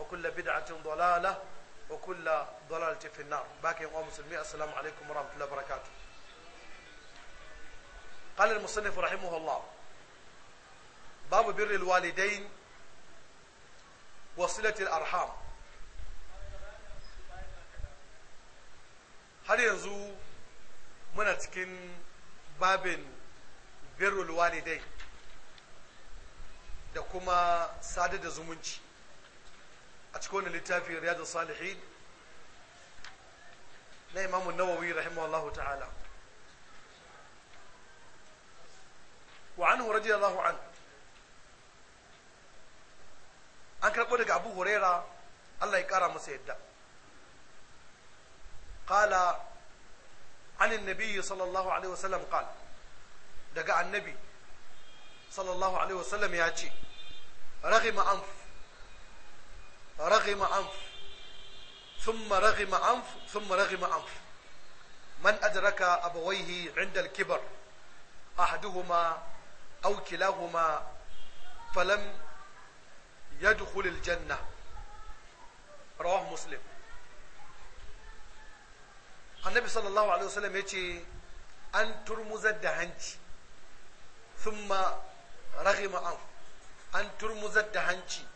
وكل بدعة ضلالة وكل ضلالة في النار باقي يوم مسلمين السلام عليكم ورحمة الله وبركاته قال المصنف رحمه الله باب بر الوالدين وصلة الأرحام har yanzu muna cikin babin birrul walidai da kuma sadar da zumunci a cikin wani littafi riyadu salihin na imamu nawawi ta'ala wa radiyallahu an an karɓo daga abu huraira allah ya ƙara masa yadda قال عن النبي صلى الله عليه وسلم قال دقى النبي صلى الله عليه وسلم ياتي رغم أنف رغم أنف ثم رغم أنف ثم رغم أنف من أدرك أبويه عند الكبر أحدهما أو كلاهما فلم يدخل الجنة رواه مسلم annabi sallallahu alaihi wasallam ya ce an turmuzar da hanci thumma rahima an an turmuzar da hanci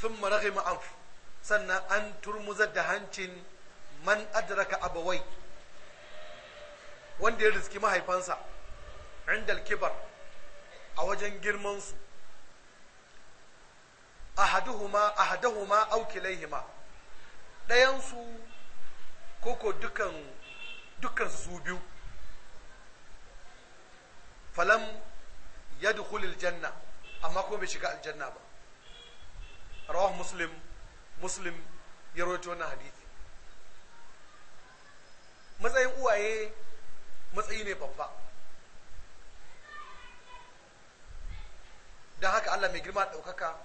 sun maraghi ma'af sannan an turmuzar da hancin man adraka abawai wanda ya riski mahaifansa indal kibar a wajen girmansu ahaduhuma ahadahuma aw kilaihima ɗayansu koko dukan dukan su biyu falam yadkhulul janna amma ko bai shiga aljanna ba rawahu muslim muslim ya rawaito wannan hadisi matsayin uwaye matsayi ne babba don haka Allah mai girma ɗaukaka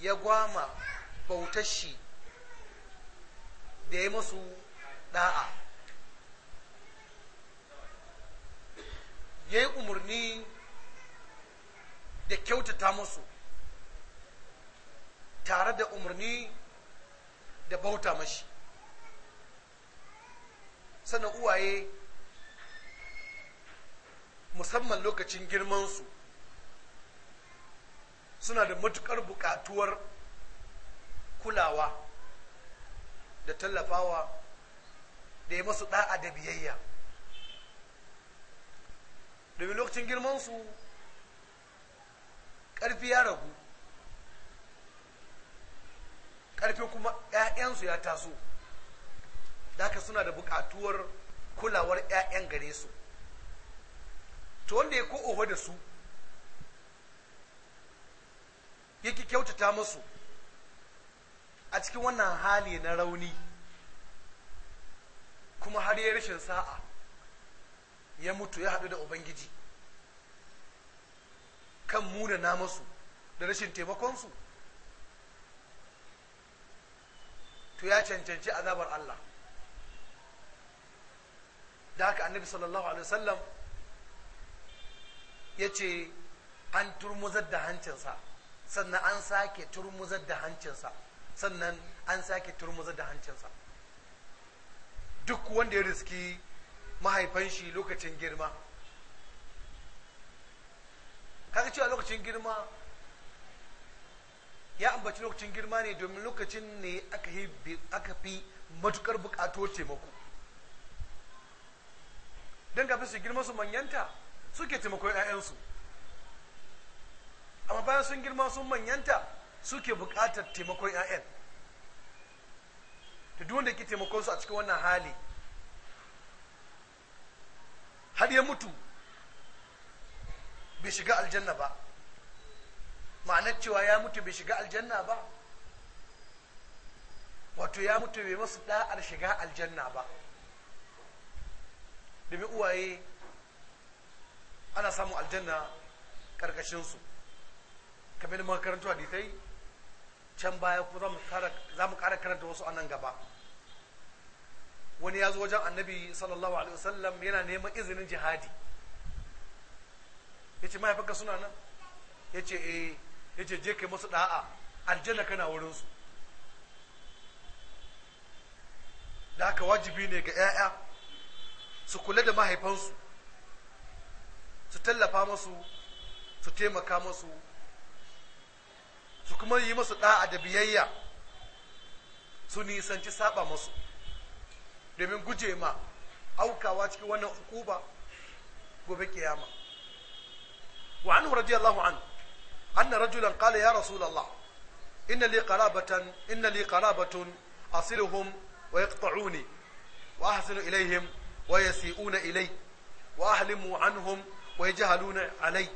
ya gwama bautar shi da ya masu ɗa'a ya yi umarni da kyautata masu tare da umarni da bauta mashi sannan uwaye musamman lokacin girmansu suna da matukar bukatuwar kulawa da tallafawa da ya masu da'a da biyayya domin lokacin girmansu ƙarfi ya ragu karfe kuma 'ya'yansu ya taso da suna da buƙatuwar kulawar 'ya'yan gare su to wanda ya ko'owa da su yake kyautata masu a cikin wannan hali na rauni kuma har ya rashin sa'a ya mutu ya haɗu da ubangiji kan muna na masu da rashin taimakonsu to ya cancanci azabar Allah da haka annabi sallallahu alaihi wasallam ya ce an turmuzar da hancinsa sannan an sake turmuzar da hancinsa sannan an sake turmuzar da hancinsa duk wanda ya riski mahaifan shi lokacin girma kaga cewa lokacin girma ya ambaci lokacin girma ne domin lokacin ne aka fi matukar bukato taimako don gafi su girma su manyanta suke taimakon 'ya'yansu amma bayan sun girma sun manyanta suke bukatar taimakon 'ya'yan da wanda ke taimakon su a cikin wannan hali har ya mutu bai shiga aljanna ba ma'anar cewa ya mutu bai shiga aljanna ba wato ya mutu bai masu da'ar shiga aljanna ba domin uwaye ana samun aljanna karkashinsu kamar makarantu karanta hadisai can baya kuma za mu kara karanta wasu anan gaba wani ya zo wajen annabi sallallahu alaihi wasallam yana neman izinin jihadi ya ce ya suna nan ya ce eh ce je kai ɗa'a da'a aljanna kana wurin su da haka wajibi ne ga 'ya'ya su kula da mahaifansu su tallafa masu su taimaka masu su kuma yi masu ɗa'a da biyayya su nisanci saba masu domin guje ma aukawa cikin wannan hukuba gobe kiyama wa anhu radiyallahu anhu أن رجلا قال يا رسول الله إن لي قرابة إن لي قرابة أصلهم ويقطعوني وأحسن إليهم ويسيئون إلي وأحلم عنهم ويجهلون علي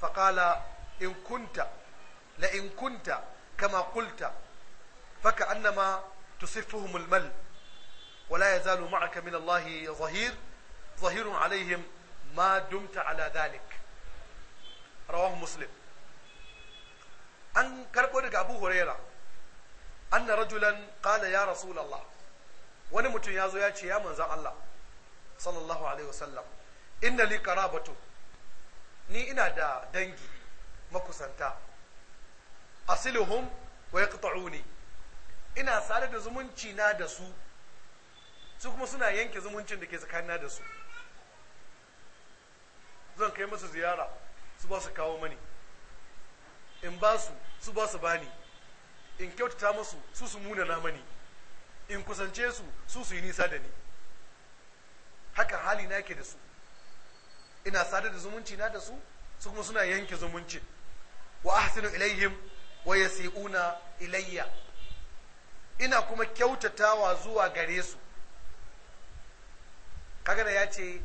فقال إن كنت لئن كنت كما قلت فكأنما تصفهم المل ولا يزال معك من الله ظهير ظهير عليهم ما دمت على ذلك رواه مسلم an karɓo daga abu huraira anna rajulan qala ya rasulullah wani mutum ya zo ya ce ya manzan Allah sallallahu alaihi wasallam inna li qarabatu ni ina da dangi makusanta asiluhum wa ne. ina sare da zumunci na da su su kuma suna yanke zumuncin da ke tsakanina da su zan kai musu ziyara su ba su kawo mani in ba su su ba su bani in kyautata masu su su muna na mani in kusance su su su yi nisa da ni haka hali na yake da su ina sadar da zumunci na da su su kuma suna yanke zumunci wa ahsinu ilaihim wa yasi'una ilayya ina kuma kyautatawa zuwa gare su kaga da ya ce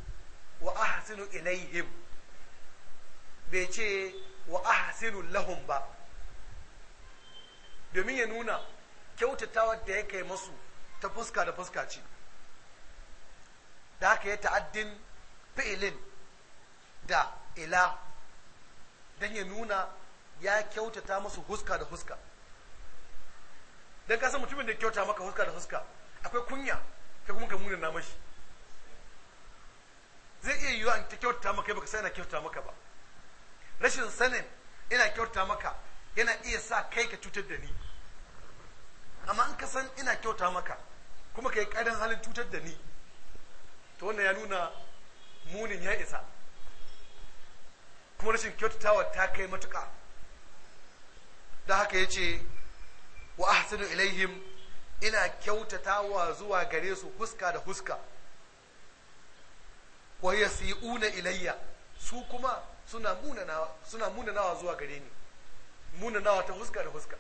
wa ahsinu ilaihim bai ce wa ahsinu lahum ba domin ya nuna kyautatawa da ya kai masu ta fuska da fuska ce da haka ya ta'addin fi'ilin da ila don ya nuna ya kyautata masu huska da huska don kasan mutumin da ya kyauta maka huska da huska akwai kunya ka kuma ka muna mashi zai iya yiwuwa ta kyautata maka baka sai na kyautata maka ba rashin sanin ina kyauta maka yana iya sa kai ka cutar da ni amma in ka san ina kyauta maka kuma ka yi ƙarin halin cutar da ni to wannan ya nuna munin ya isa kuma rashin kyautatawa ta kai matuka da haka ya ce wa ahsanu ilaihim ina kyautatawa zuwa gare su huska da huska wa yasi'una ilayya su kuma suna munanawa nawa zuwa gare ni munanawa ta huska da huska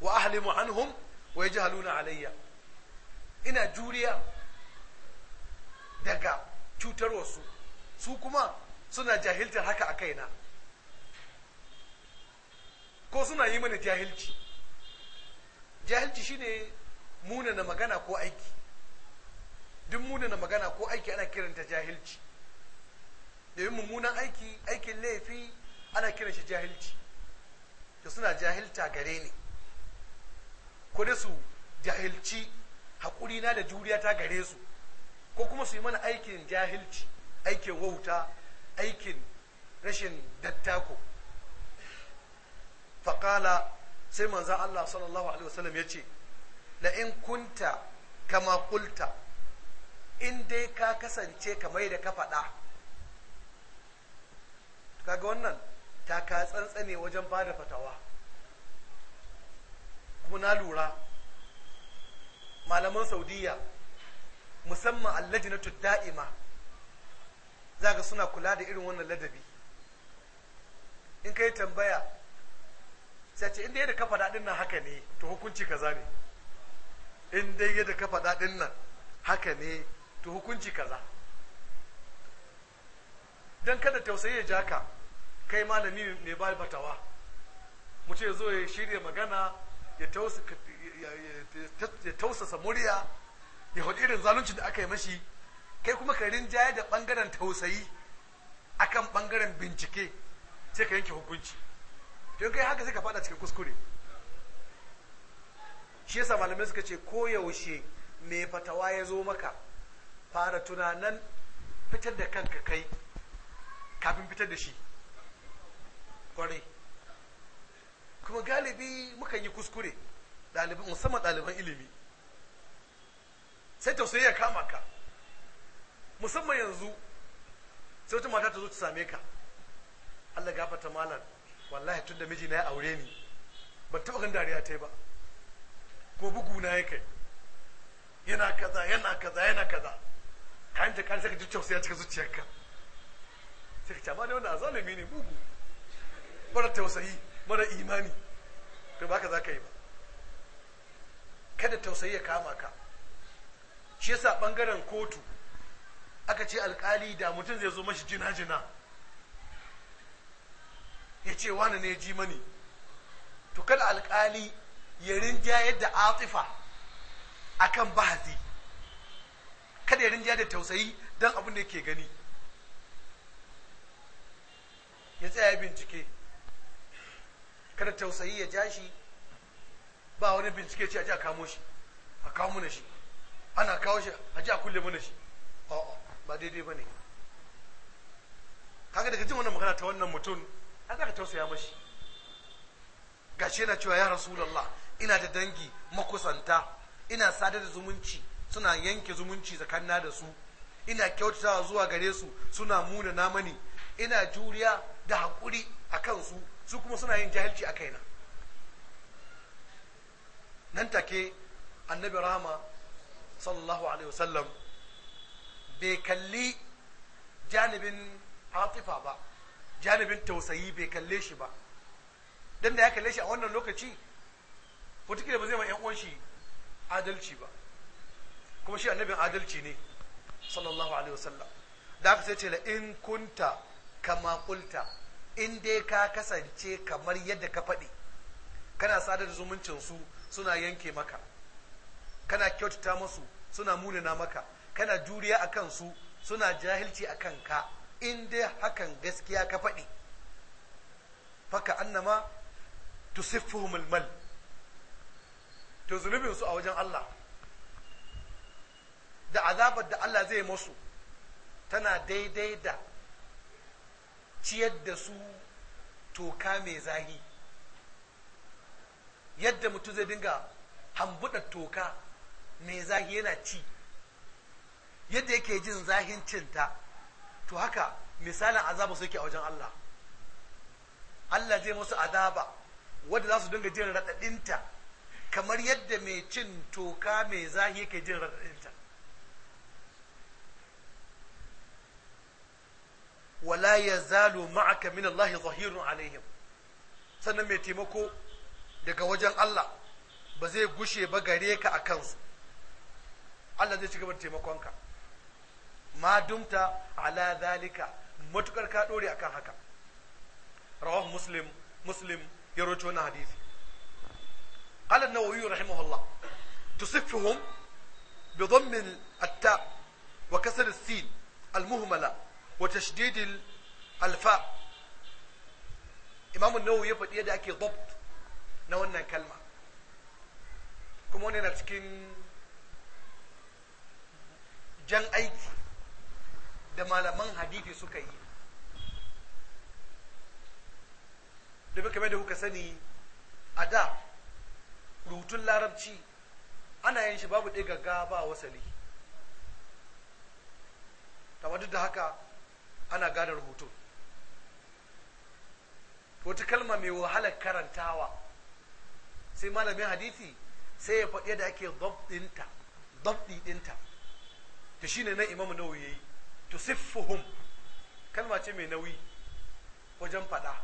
wa ahlimu anhum wa haluna alayya ina juriya daga cutarwarsu su kuma suna jahiltar haka a kaina ko suna yi mana jahilci jahilci shine munana magana ko aiki duk munana magana ko aiki ana kiranta jahilci domin mummunan aiki aikin laifi ana kiran shi jahilci da suna jahilta gare ni ko da su jahilci haƙuri na da juriya ta gare su ko kuma su yi mana aikin jahilci aikin wauta aikin rashin dattako faƙala sai manzan Allah sallallahu alaihi wasallam ya ce la'in kunta kama kulta in dai ka kasance kamar da ka faɗa kaga wannan ta ka tsantsane wajen ba da fatawa kuma na lura malaman saudiya musamman allajinatu da'ima zaga suna kula da irin wannan ladabi in ka yi tambaya sai ce inda yadda ka faɗa nan haka ne to hukunci kaza ne in yadda kafa daɗin nan haka ne to hukunci kaza don kada tausayi ya ja ka kai malami mai ba fatawa mu ce zo ya shirya magana ya tausasa murya ya hudu irin zalunci da aka yi mashi kai kuma ka rinjaya da bangaren tausayi akan ɓangaren bincike sai ka yanke hukunci to kai haka sai ka fada cikin kuskure shi yasa malamai suka ce koyaushe mai fatawa ya zo maka fara tunanan fitar da kanka kai kafin fitar da shi kwarai kuma galibi mukan yi kuskure ɗaliban musamman ɗaliban ilimi sai tausayi ya kama ka musamman yanzu sai wata mata ta zo ta same ka Allah gafata malam wallahi tun da miji na ya aure ni ban taɓa gan dariya ta yi ba ko bugu na ya kai yana kaza yana kaza yana kaza kayan ta kan saka duk tausayi a cikin zuciyarka sai ka cama da wannan azalimi ne bugu mara tausayi mara imani to ka za ka yi ba kada tausayi ya kama ka shi yasa ɓangaren kotu aka ce alkali da mutum zai zo mashi jina-jina ya ce wani ne ji mani to kada alkali ya rinja yadda atifa akan bahasi kada ya rinja da tausayi don abin da yake gani ya tsaya bincike kada tausayi ya ja shi ba wani bincike ce a ji a kamo shi a kawo muna shi ana kawo shi a ji a kulle muna shi a'a ba daidai ba ne kaga daga jin wannan magana ta wannan mutum an ka tausaya mashi gashi yana cewa ya rasulallah ina da dangi makusanta ina sadar da zumunci suna yanke zumunci tsakanina da su ina kyautatawa zuwa gare su suna muna namani ina juriya da haƙuri a kansu su kuma suna yin jahilci a kaina nan take annabi rahama sallallahu alaihi wasallam bai kalli janibin atifa ba janibin tausayi bai kalle shi ba don da ya kalle shi a wannan lokaci wataƙila ba zai ma uwan shi adalci ba kuma shi annabin adalci ne sallallahu alaihi wasallam da aka sai ce la in kunta kama kulta in dai ka kasance kamar yadda ka faɗi kana sadar da zumuncin su suna yanke maka kana kyautata masu suna munana maka kana juriya a kansu suna jahilci a kanka in dai hakan gaskiya ka faɗi faka annama tusiffuhumul mal to zunubinsu a wajen Allah da azabar da Allah zai musu tana daidai da ciyar da su toka mai zahi yadda mutum zai dinga hambuɗa toka mai zahi yana ci yadda yake jin zahin cinta to haka misalin azaba suke a wajen Allah Allah zai musu azaba wadda za su dinga jin raɗaɗinta kamar yadda mai cin toka mai zahi yake jin raɗaɗinta wala yazalu ma'aka min Allah zahirun alaihim sannan mai taimako daga wajen Allah ba zai gushe ba gare ka a kansu Allah zai ci gaba da taimakonka ma dumta ala zalika matukar ka dore akan haka rawahu muslim muslim ya rawaito wannan hadisi qala an-nawawi rahimahullah tusiffuhum bi dhamm at-ta wa sin al-muhmala wa tashdidil alfa imamu nawawi ya faɗi yadda ake dabt na wannan kalma kuma wani na cikin jan aiki da malaman hadithi suka yi domin kamar da kuka sani a da rutun larabci ana yin shi babu ɗiga ba wasali ta duk da haka ana gane rubutu wata kalma mai wahalar karantawa sai malamin hadisi sai ya faɗi da ake dabdinta dabdi dinta to shine nan imamu nawawi yayi to siffuhum kalma ce mai nauyi wajen faɗa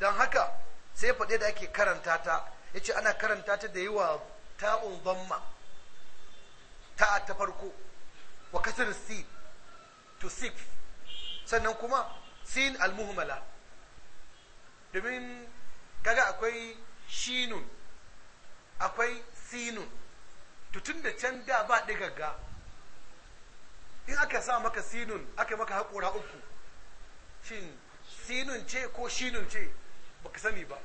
don haka sai ya faɗi da ake karanta ta ya yace ana karanta ta da yawa ta'un dhamma ta ta farko wa kasr sin to sif sannan kuma sin almuhmala domin kaga akwai shinun akwai sinun tutun da can da ba digagga in aka sa maka sinun aka maka haƙura uku shin sinun ce ko shinun ce ba ka sani ba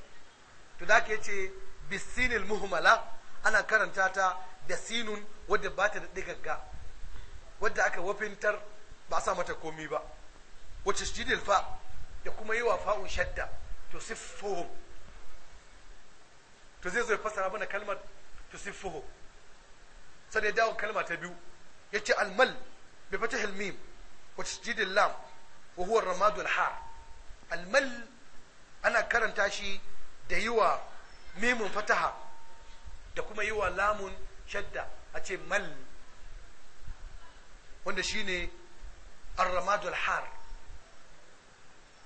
to da ke ce bisinil muhmala ana karanta ta da sinun wadda ba ta da digagga wadda aka wafintar ba a sa mata komi ba wa tasjidil fa da kuma yi wa fa'un shadda to siffuhum to zai zo ya fassara mana kalmar to siffuhum sai ya dawo kalma ta biyu yace almal bi fatah al mim wa lam wa huwa ramad almal ana karanta shi da yiwa mimun fataha da kuma yiwa lamun shadda a ce mal wanda shine ne har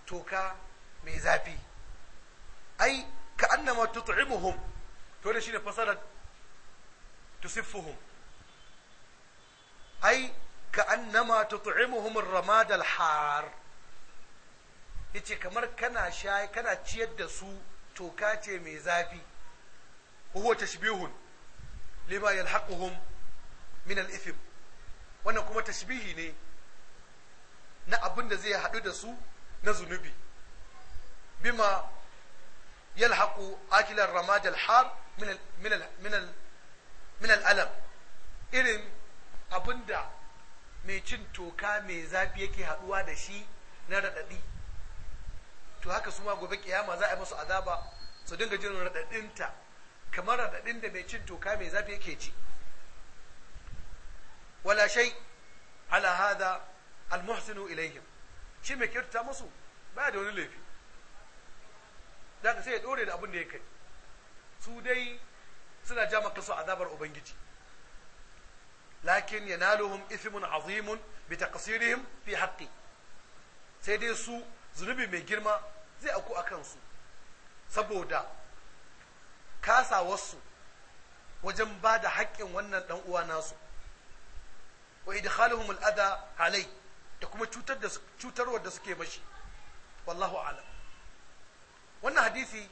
toka mai zafi ai ka annama tut'imuhum to da shine fasarar tusiffuhum ai ka annama tut'imuhum ar-ramad al-har yace kamar kana shayi kana ciyar da su toka ce mai zafi huwa tashbihun lima yalhaquhum min al-ithm wannan kuma tashbihi ne na abin da zai haɗu da su na zunubi bima yalhaqu akilar ramad alhar min al'alam irin abinda mai cin toka mai zafi yake haduwa da shi na radadi to haka su ma gobe kiyama za a yi musu azaba su dinga jin radadinta kamar radadin da mai cin toka mai zafi yake ci wala shay ala hadha almuhsinu ilaihim shi mai kyautata musu baya da wani laifi da ka sai ya dore da abin da ya kai su dai suna ja maka su azabar ubangiji lakin yanaluhum ithmun azimun bi taqsirihim fi haqqi sai dai su zunubi mai girma zai aku akan su saboda kasawarsu wajen ba da haƙƙin wannan ɗan uwa nasu wa idkhaluhum al-adha alayhi da kuma cutar da cutarwar da suke mashi wallahu alam wannan hadisi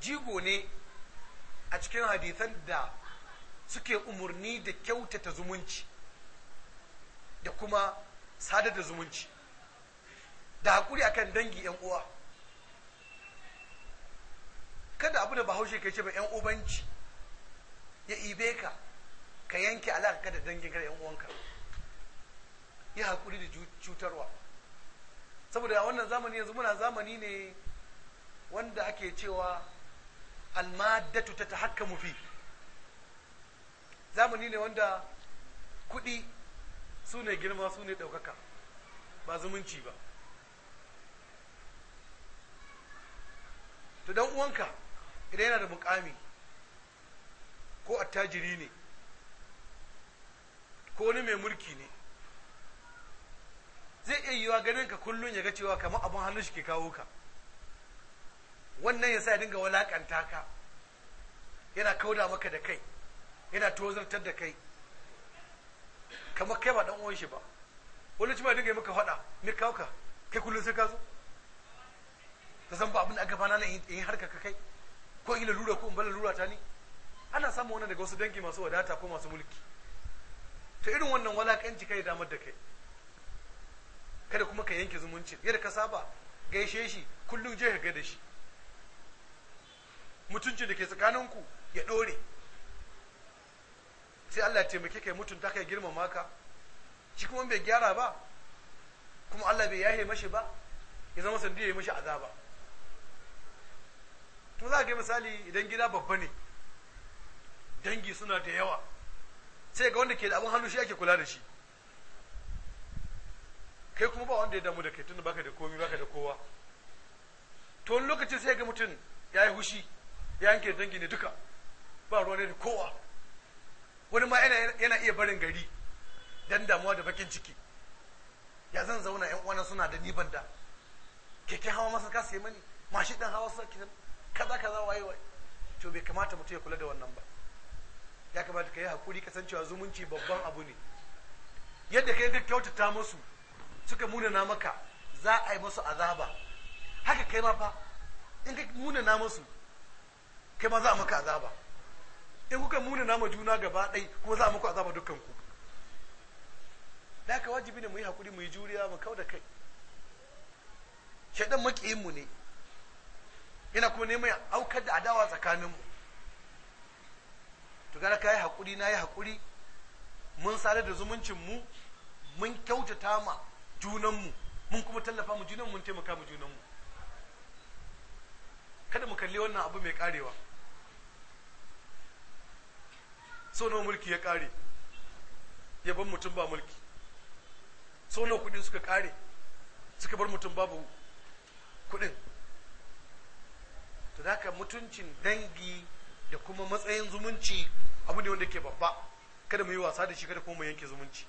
jigo ne a cikin hadisan da suke umarni da kyautata zumunci da kuma sadar da zumunci da haƙuri akan dangi yan uwa kada abu da bahaushe kai ce ba yan ubanci ya ibe ka ka yanke alaƙa da dangin ka yan uwanka yi hakuri da cutarwa saboda a wannan zamani yanzu muna zamani ne wanda ake cewa almadatu ta ta fi zamani ne wanda kuɗi su ne girma su ne ɗaukaka ba zumunci ba ta dan uwanka idan yana da mukami ko attajiri ne ko wani mai mulki ne zai iya yiwa ganin ka kullum ya ga cewa kamar abin hannun shi ke kawo ka wannan ya sa dinga walakanta ka yana kauda maka da kai yana tozartar da kai kamar kai ba dan uwan shi ba wani cima dinga yi maka faɗa me kawo ka kai kullum sai ka zo ka san ba abin da gabana na yin harka ka kai ko in lura ko in bala lura ta ni ana samun wannan daga wasu dangi masu wadata ko masu mulki ta irin wannan walakanci kai damar da kai kada kuma ka yanke zumuncin yadda ka saba gaishe shi kullum je ka ga da shi mutuncin da ke tsakaninku ya ɗore sai Allah ya taimake ka ya mutunta ka ya girmama ka shi kuma bai gyara ba kuma Allah bai yahe mashi ba ya zama sandiya ya mashi azaba to za ga misali idan gida babba ne dangi suna da yawa sai ga wanda ke da abin hannu shi ake kula da shi kai kuma ba wanda ya damu da kai tun baka da komi baka da kowa to wani lokaci sai ga mutum ya yi hushi ya yanke dangi ne duka ba ruwa ne da kowa wani ma yana iya barin gari dan damuwa da bakin ciki ya zan zauna yan uwana suna da ni banda keken hawa masa ka sai mani mashi dan hawa sa kaza kaza waye waye to bai kamata mutum ya kula da wannan ba ya kamata ka yi hakuri kasancewa zumunci babban abu ne yadda ka yi kyautata musu suka munana maka za a yi masu azaba haka kai ma fa in ka munana masu, kai ma za a maka azaba in kuka munana ma juna gaba ɗai kuma za a maka azaba dukkan ku da haka wajibi ne mu yi hakuri mu yi juriya mu kau da kai shaɗan maƙiyinmu ne ina kuma neman aukar da adawa tsakaninmu to gara ka yi haƙuri na yi haƙuri mun sadar da zumuncinmu mun kyautata ma junanmu mun kuma tallafa mu junanmu mun taimaka mu junanmu kada mu kalli wannan abu mai karewa so nawa mulki ya kare ya bar mutum ba mulki so nawa kudin suka kare suka bar mutum babu kudin to haka mutuncin dangi da kuma matsayin zumunci abu ne wanda ke babba kada mu yi wasa da shi kada kuma mu yanke zumunci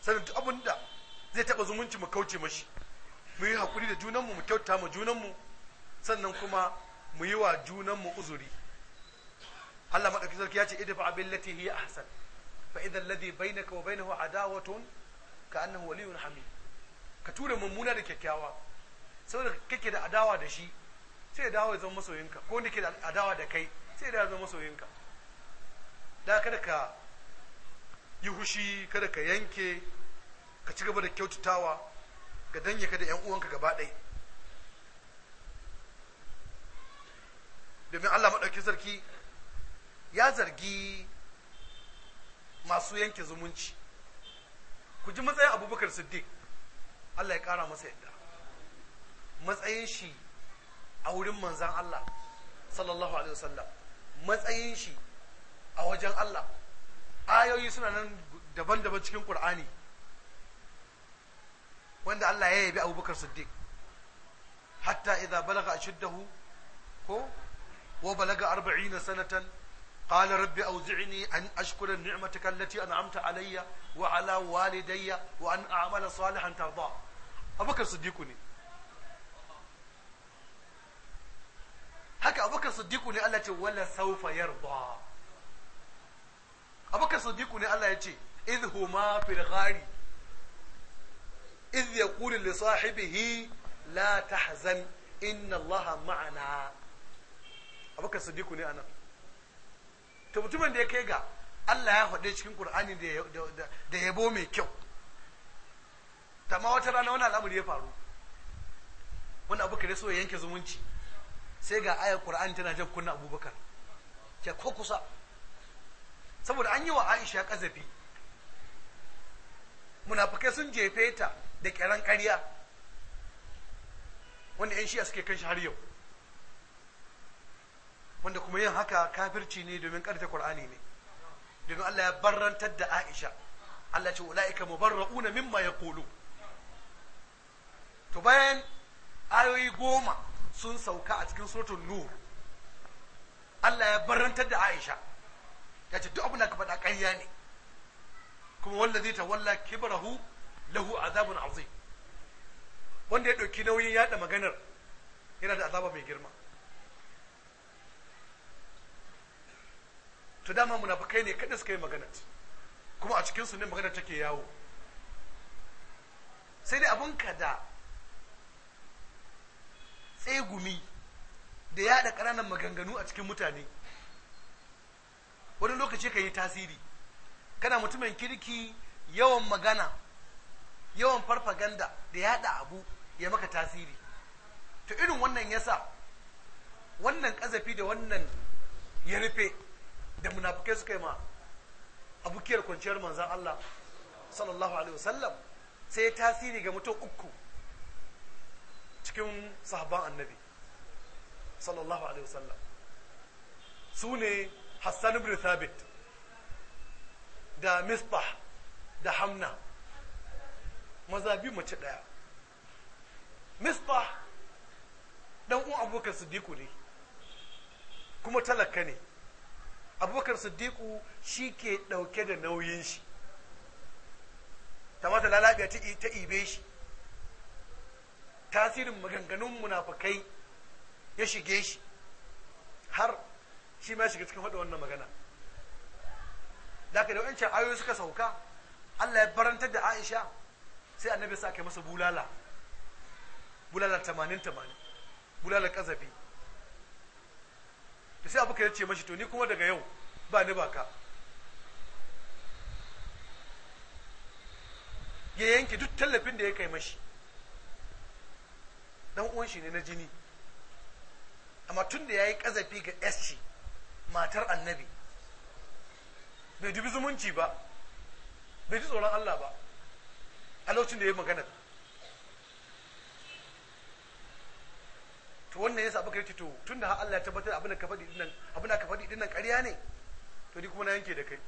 sanin duk abin da zai taɓa zumunci mu kauce mashi mu yi hakuri da junanmu mu kyauta ma junanmu sannan kuma mu yi wa junanmu uzuri Allah maɗauki sarki ya ce idfa abin lati hiya ahsan fa idan ladhi bainaka wa bainahu adawatun ka annahu waliyun hamid ka tura mummuna da kyakkyawa saboda kake da adawa da shi sai ya dawo ya zama masoyinka ko nake ke da adawa da kai sai ya dawo ya zama masoyinka da kada ka yi hushi kada ka yanke ka ci gaba da kyautatawa ga danye ka da yan uwanka gaba ɗaya domin Allah maɗauki sarki ya zargi masu yanke zumunci ku ji matsayin abubakar siddiq Allah ya kara masa yadda matsayin shi a wurin manzan Allah sallallahu alaihi wasallam matsayin shi a wajen Allah ayoyi suna nan daban-daban cikin ƙur'ani wanda Allah ya yabi abubakar siddiq hatta idza balaga ashuddahu ko wa balaga arba'ina sanatan qala rabbi awzi'ni an ashkura ni'mataka allati an'amta alayya wa ala walidayya wa an a'mala salihan tarda abubakar siddiq ne haka abubakar siddiq ne Allah ce wala sawfa yarda Abokan siddiq ne Allah ya ce idh huma fil ghari idh yaqulu li sahibihi la tahzan inna Allah ma'ana abokan siddiq ne anan to mutumin da ya kai ga Allah ya faɗe cikin Qur'ani da yabo mai kyau ma wata rana wani al'amari ya faru wani abubakar ya so ya yanke zumunci sai ga ayar Qur'ani tana jan kunna abubakar ke ko kusa saboda an yi wa aisha kazafi, munafukai sun jefe ta da ƙyaran karya wanda 'yan shiya suke kanshi har yau wanda kuma yin haka kafirci ne domin ƙarfe ƙur'ani ne domin Allah ya barrantar da aisha Allah ce ula'ika mubarra'una mimma ya kolo to bayan ayoyi goma sun sauka a cikin suratul nur Allah ya barrantar da aisha ya ce duk abin da ka faɗa ƙarya ne kuma wallazi tawalla kibrahu lahu azabun azim wanda ya ɗauki nauyin yaɗa maganar yana da azaba mai girma Ta dama munafukai ne kaɗai suka yi maganar kuma a cikinsu ne maganar take yawo sai dai ka da tsegumi da yaɗa ƙananan maganganu a cikin mutane wani lokaci ka yi tasiri kana mutumin kirki yawan magana yawan farfaganda da ya yada abu ya maka tasiri to irin wannan yasa wannan kazafi da wannan ya rufe da munafukai suka yi ma abukiyar kwanciyar manzan Allah sallallahu alaihi wasallam sai ya tasiri ga mutum uku cikin sahaban annabi sallallahu alaihi wasallam su ne hassan ibn da misbah da hamna maza biyu mace ɗaya misbah ɗan uwa abubakar siddiqu ne kuma talaka ne abubakar siddiqu shi ke ɗauke da nauyin shi ta mata lalabiya ta ibe shi tasirin maganganun munafakai ya shige shi har shi ma shiga cikin faɗa wannan magana da da wancan ayoyi suka sauka Allah ya barantar da Aisha sai annabi sa kai masa bulala bulala 80 80 bulala kazafi da sai abu ya ce mashi to ni kuma daga yau ba ni ba ka ya yanke duk tallafin da ya kai mashi dan uwan shi ne na jini amma tun da ya yi kazafi ga SC matar annabi bai dubi zumunci ba bai ji tsoron Allah ba a lokacin da ya magana to wannan yasa baka yace to tunda har Allah ya tabbatar abin da ka faɗi dinnan abin da ka faɗi dinnan ƙarya ne to ni kuma na yanke da kai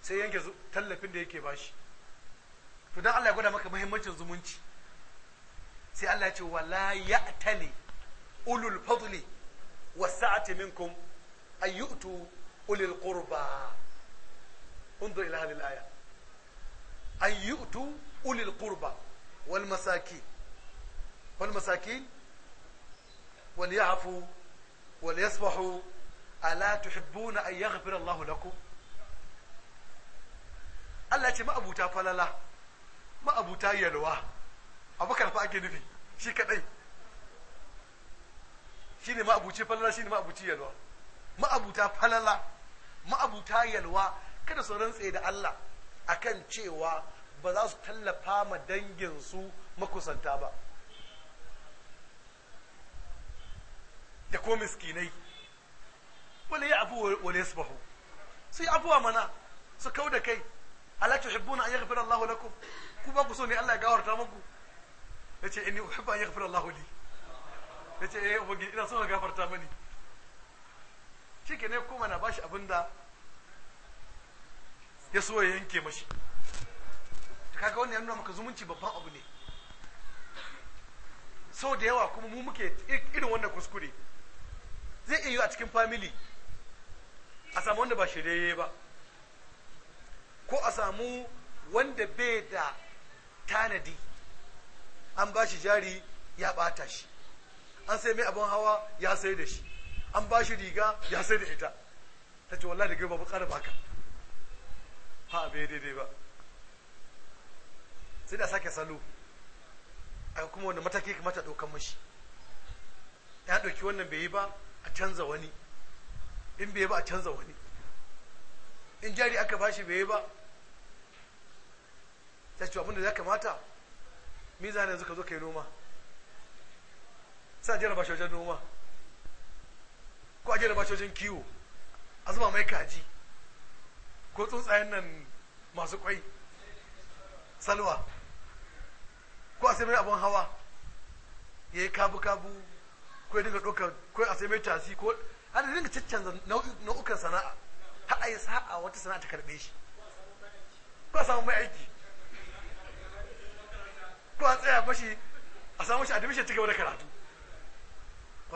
sai yanke tallafin da yake bashi to dan Allah ya gwada maka muhimmancin zumunci sai Allah ya ce wala ya'tali ulul fadli والسعة منكم أن يؤتوا أولي القربى انظر إلى هذه الآية أن يؤتوا أولي القربى والمساكين والمساكين وليعفوا وليصفحوا ألا تحبون أن يغفر الله لكم Allah ce ma'abuta falala ma'abuta yalwa abubakar fa ake nufi shi kadai shine ma'abuci falala shine ma'abuci yalwa ma'abuta falala ma'abuta yalwa kada su rantse da Allah akan cewa ba za su tallafa ma danginsu makusanta ba da ko miskinai Wani ya abu wale yasbahu su yi abuwa mana su kau da kai ala tuhibbuna an yaghfira Allahu lakum ku ba ku so ne Allah ya gawarta muku yace inni uhibbu an yaghfira Allah li ya ce eh ubangiji ina so ka gafarta mani shi ne kuma na bashi abin da ya so ya yanke mashi kaga wannan ya nuna maka zumunci babban abu ne sau da yawa kuma mu muke irin wannan kuskure zai iya yi a cikin famili a samu wanda ba shirye ba ko a samu wanda bai da tanadi an ba shi jari ya ɓata shi an sai mai abin hawa ya sai da shi an ba shi riga ya sai da ita ta ce wallahi da gaba bukar baka ha bai daidai ba sai da sake salo a kuma wanda mataki kamata ɗaukan mashi ya ɗauki wannan bai yi ba a canza wani in bai yi ba a canza wani in jari aka bashi bai yi ba ta ce abinda ya kamata miza ne zuka zo ka yi noma sai a jarraba wajen noma ko a jarraba shi wajen kiwo a zuba mai kaji ko tsuntsayen nan masu kwai salwa ko a sai mai abin hawa ya yi kabu-kabu ko ya dinga ɗaukar ko a sai mai tasi ko da dinga caccanza nau'ukan sana'a har a yi sa'a wata sana'a ta karɓe shi ko a samu mai aiki ko a tsaya fashi a samu shi a dimishin cikin da karatu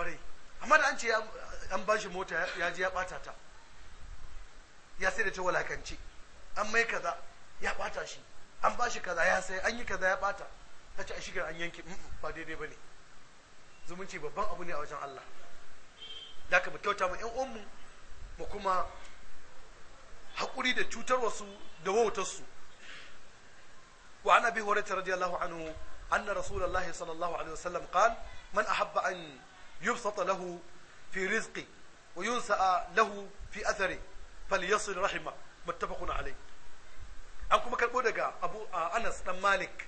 kwarai amma da an ce an bashi mota ya ji ya bata ta ya sai da ta walakance an mai kaza ya bata shi an bashi kaza ya sai an yi kaza ya bata ta ce a shigar an yanke ba daidai ba ne zumunci babban abu ne a wajen Allah da ka kyauta mu yan uwanmu mu kuma haƙuri da cutar wasu da wautarsu wa ana bi horata radiyallahu anhu anna rasulullahi sallallahu alaihi wasallam qal man ahabba an yubsata lahu fi rizqi wa lahu fi athari falyasil rahima muttafaqun alayh an kuma karbo daga Abu Anas dan Malik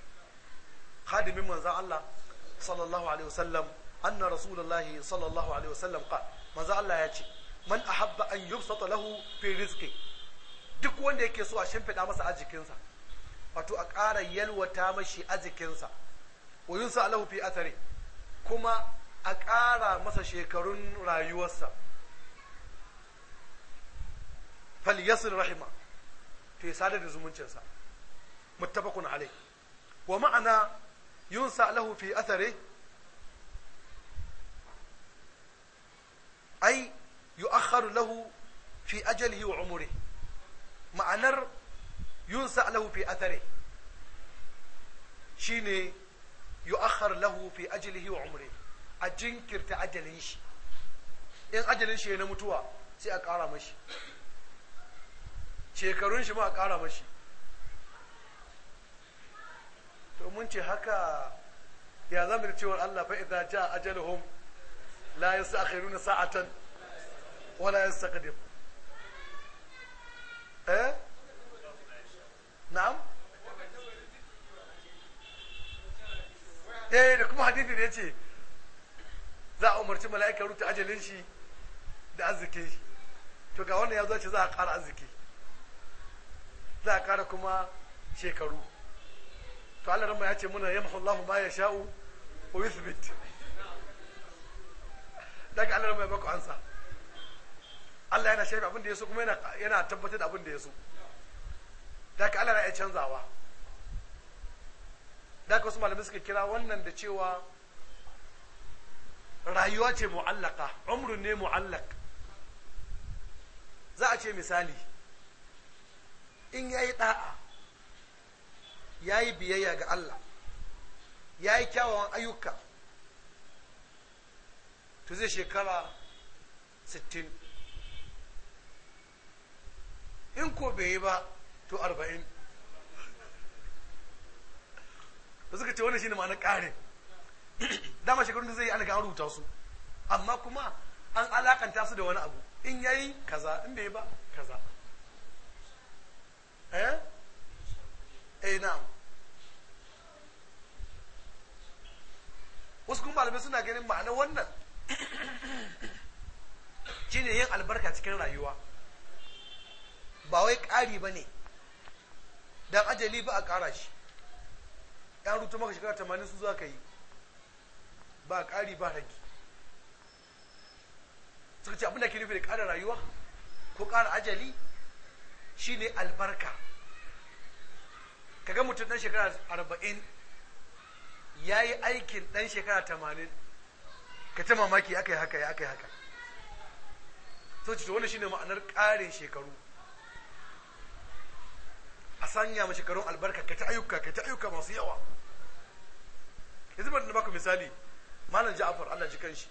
khadimin manzo Allah sallallahu alaihi wasallam anna rasulullahi sallallahu alaihi wasallam qala manzo Allah ya ce man ahabba an yubsata lahu fi rizqi duk wanda yake so a shimfiɗa masa arzikinsa wato a ƙara yalwata mashi arzikinsa wa yunsa lahu fi athari kuma a ƙara masa shekarun rayuwarsa falyasir rahima to ya sadar da zumuncinsa muttafaqun alai wa ma'ana yunsa lahu fi athari ay yu'akhkharu lahu fi ajalihi wa umri ma'anar yunsa lahu fi athari shine yu'akhkhar lahu fi ajalihi wa umri a jinkirta ajalin shi in ajalin shi na mutuwa sai a ƙara mashi shekarun shi ma a ƙara mashi to mun ce haka ya zama da cewar Allah fa idza jaa ajaluhum la yastakhiruna sa'atan wa la yastaqdim eh na'am eh da kuma hadisi da ce. za a umarci mala'ika rute ajalin shi da arziki shi to ga wannan ya zo ce za a ƙara arziki za a ƙara kuma shekaru to Allah ramma ya ce muna yamhu Allah ma ya sha'u wa da daga Allah ramma ya baku ansa Allah yana shafi abin da ya so kuma yana tabbatar da abin da ya so daga Allah ya iya canzawa daga wasu malamai suka kira wannan da cewa rayuwa ce mu'allaka umru ne mu'allak za a ce misali in yayi da'a yayi biyayya ga Allah yayi kyawawan ayyuka to zai shekara 60 in ko bai yi ba to 40 ba suka ce wannan shine ma'anar ƙarin dama shekarun da zai yi ana ga rubuta su amma kuma an alakanta su da wani abu in yayi kaza in bai ba kaza eh eh na'am wasu kuma malamai suna ganin ma'ana wannan shine yin albarka cikin rayuwa ba wai ƙari ba ne don ajali ba a ƙara shi yan rutu maka shekara 80 su za ka yi ba ƙari ba rage suka ce abinda ke nufi da ƙara rayuwa ko ƙara ajali shine albarka kaga mutum ɗan shekara arba'in ya yi aikin ɗan shekara tamanin ka ta mamaki aka yi haka ya aka yi haka so ce wani shine ma'anar ƙarin shekaru a sanya ma shekarun albarka ka ta ayyuka ka ta ayyuka masu yawa yanzu ba da baku misali malam ja'afar Allah ji kanshi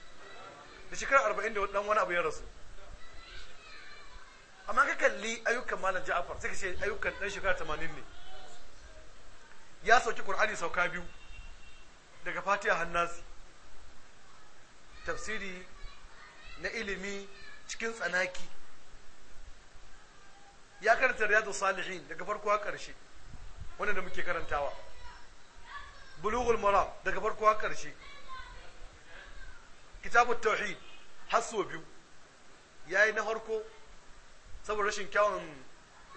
da shekara arba'in da dan wani abu ya rasu amma ka kalli ayyukan malam ja'afar sai ka ce ayyukan dan shekara tamanin ne ya sauki qur'ani sauka biyu daga fatiha hannasi tafsiri na ilimi cikin tsanaki ya karanta riyadu salihin daga farko a ƙarshe wanda da muke karantawa bulughul maram daga farko a ƙarshe kitabut tauhid har so biyu yi na harko saboda rashin kyawun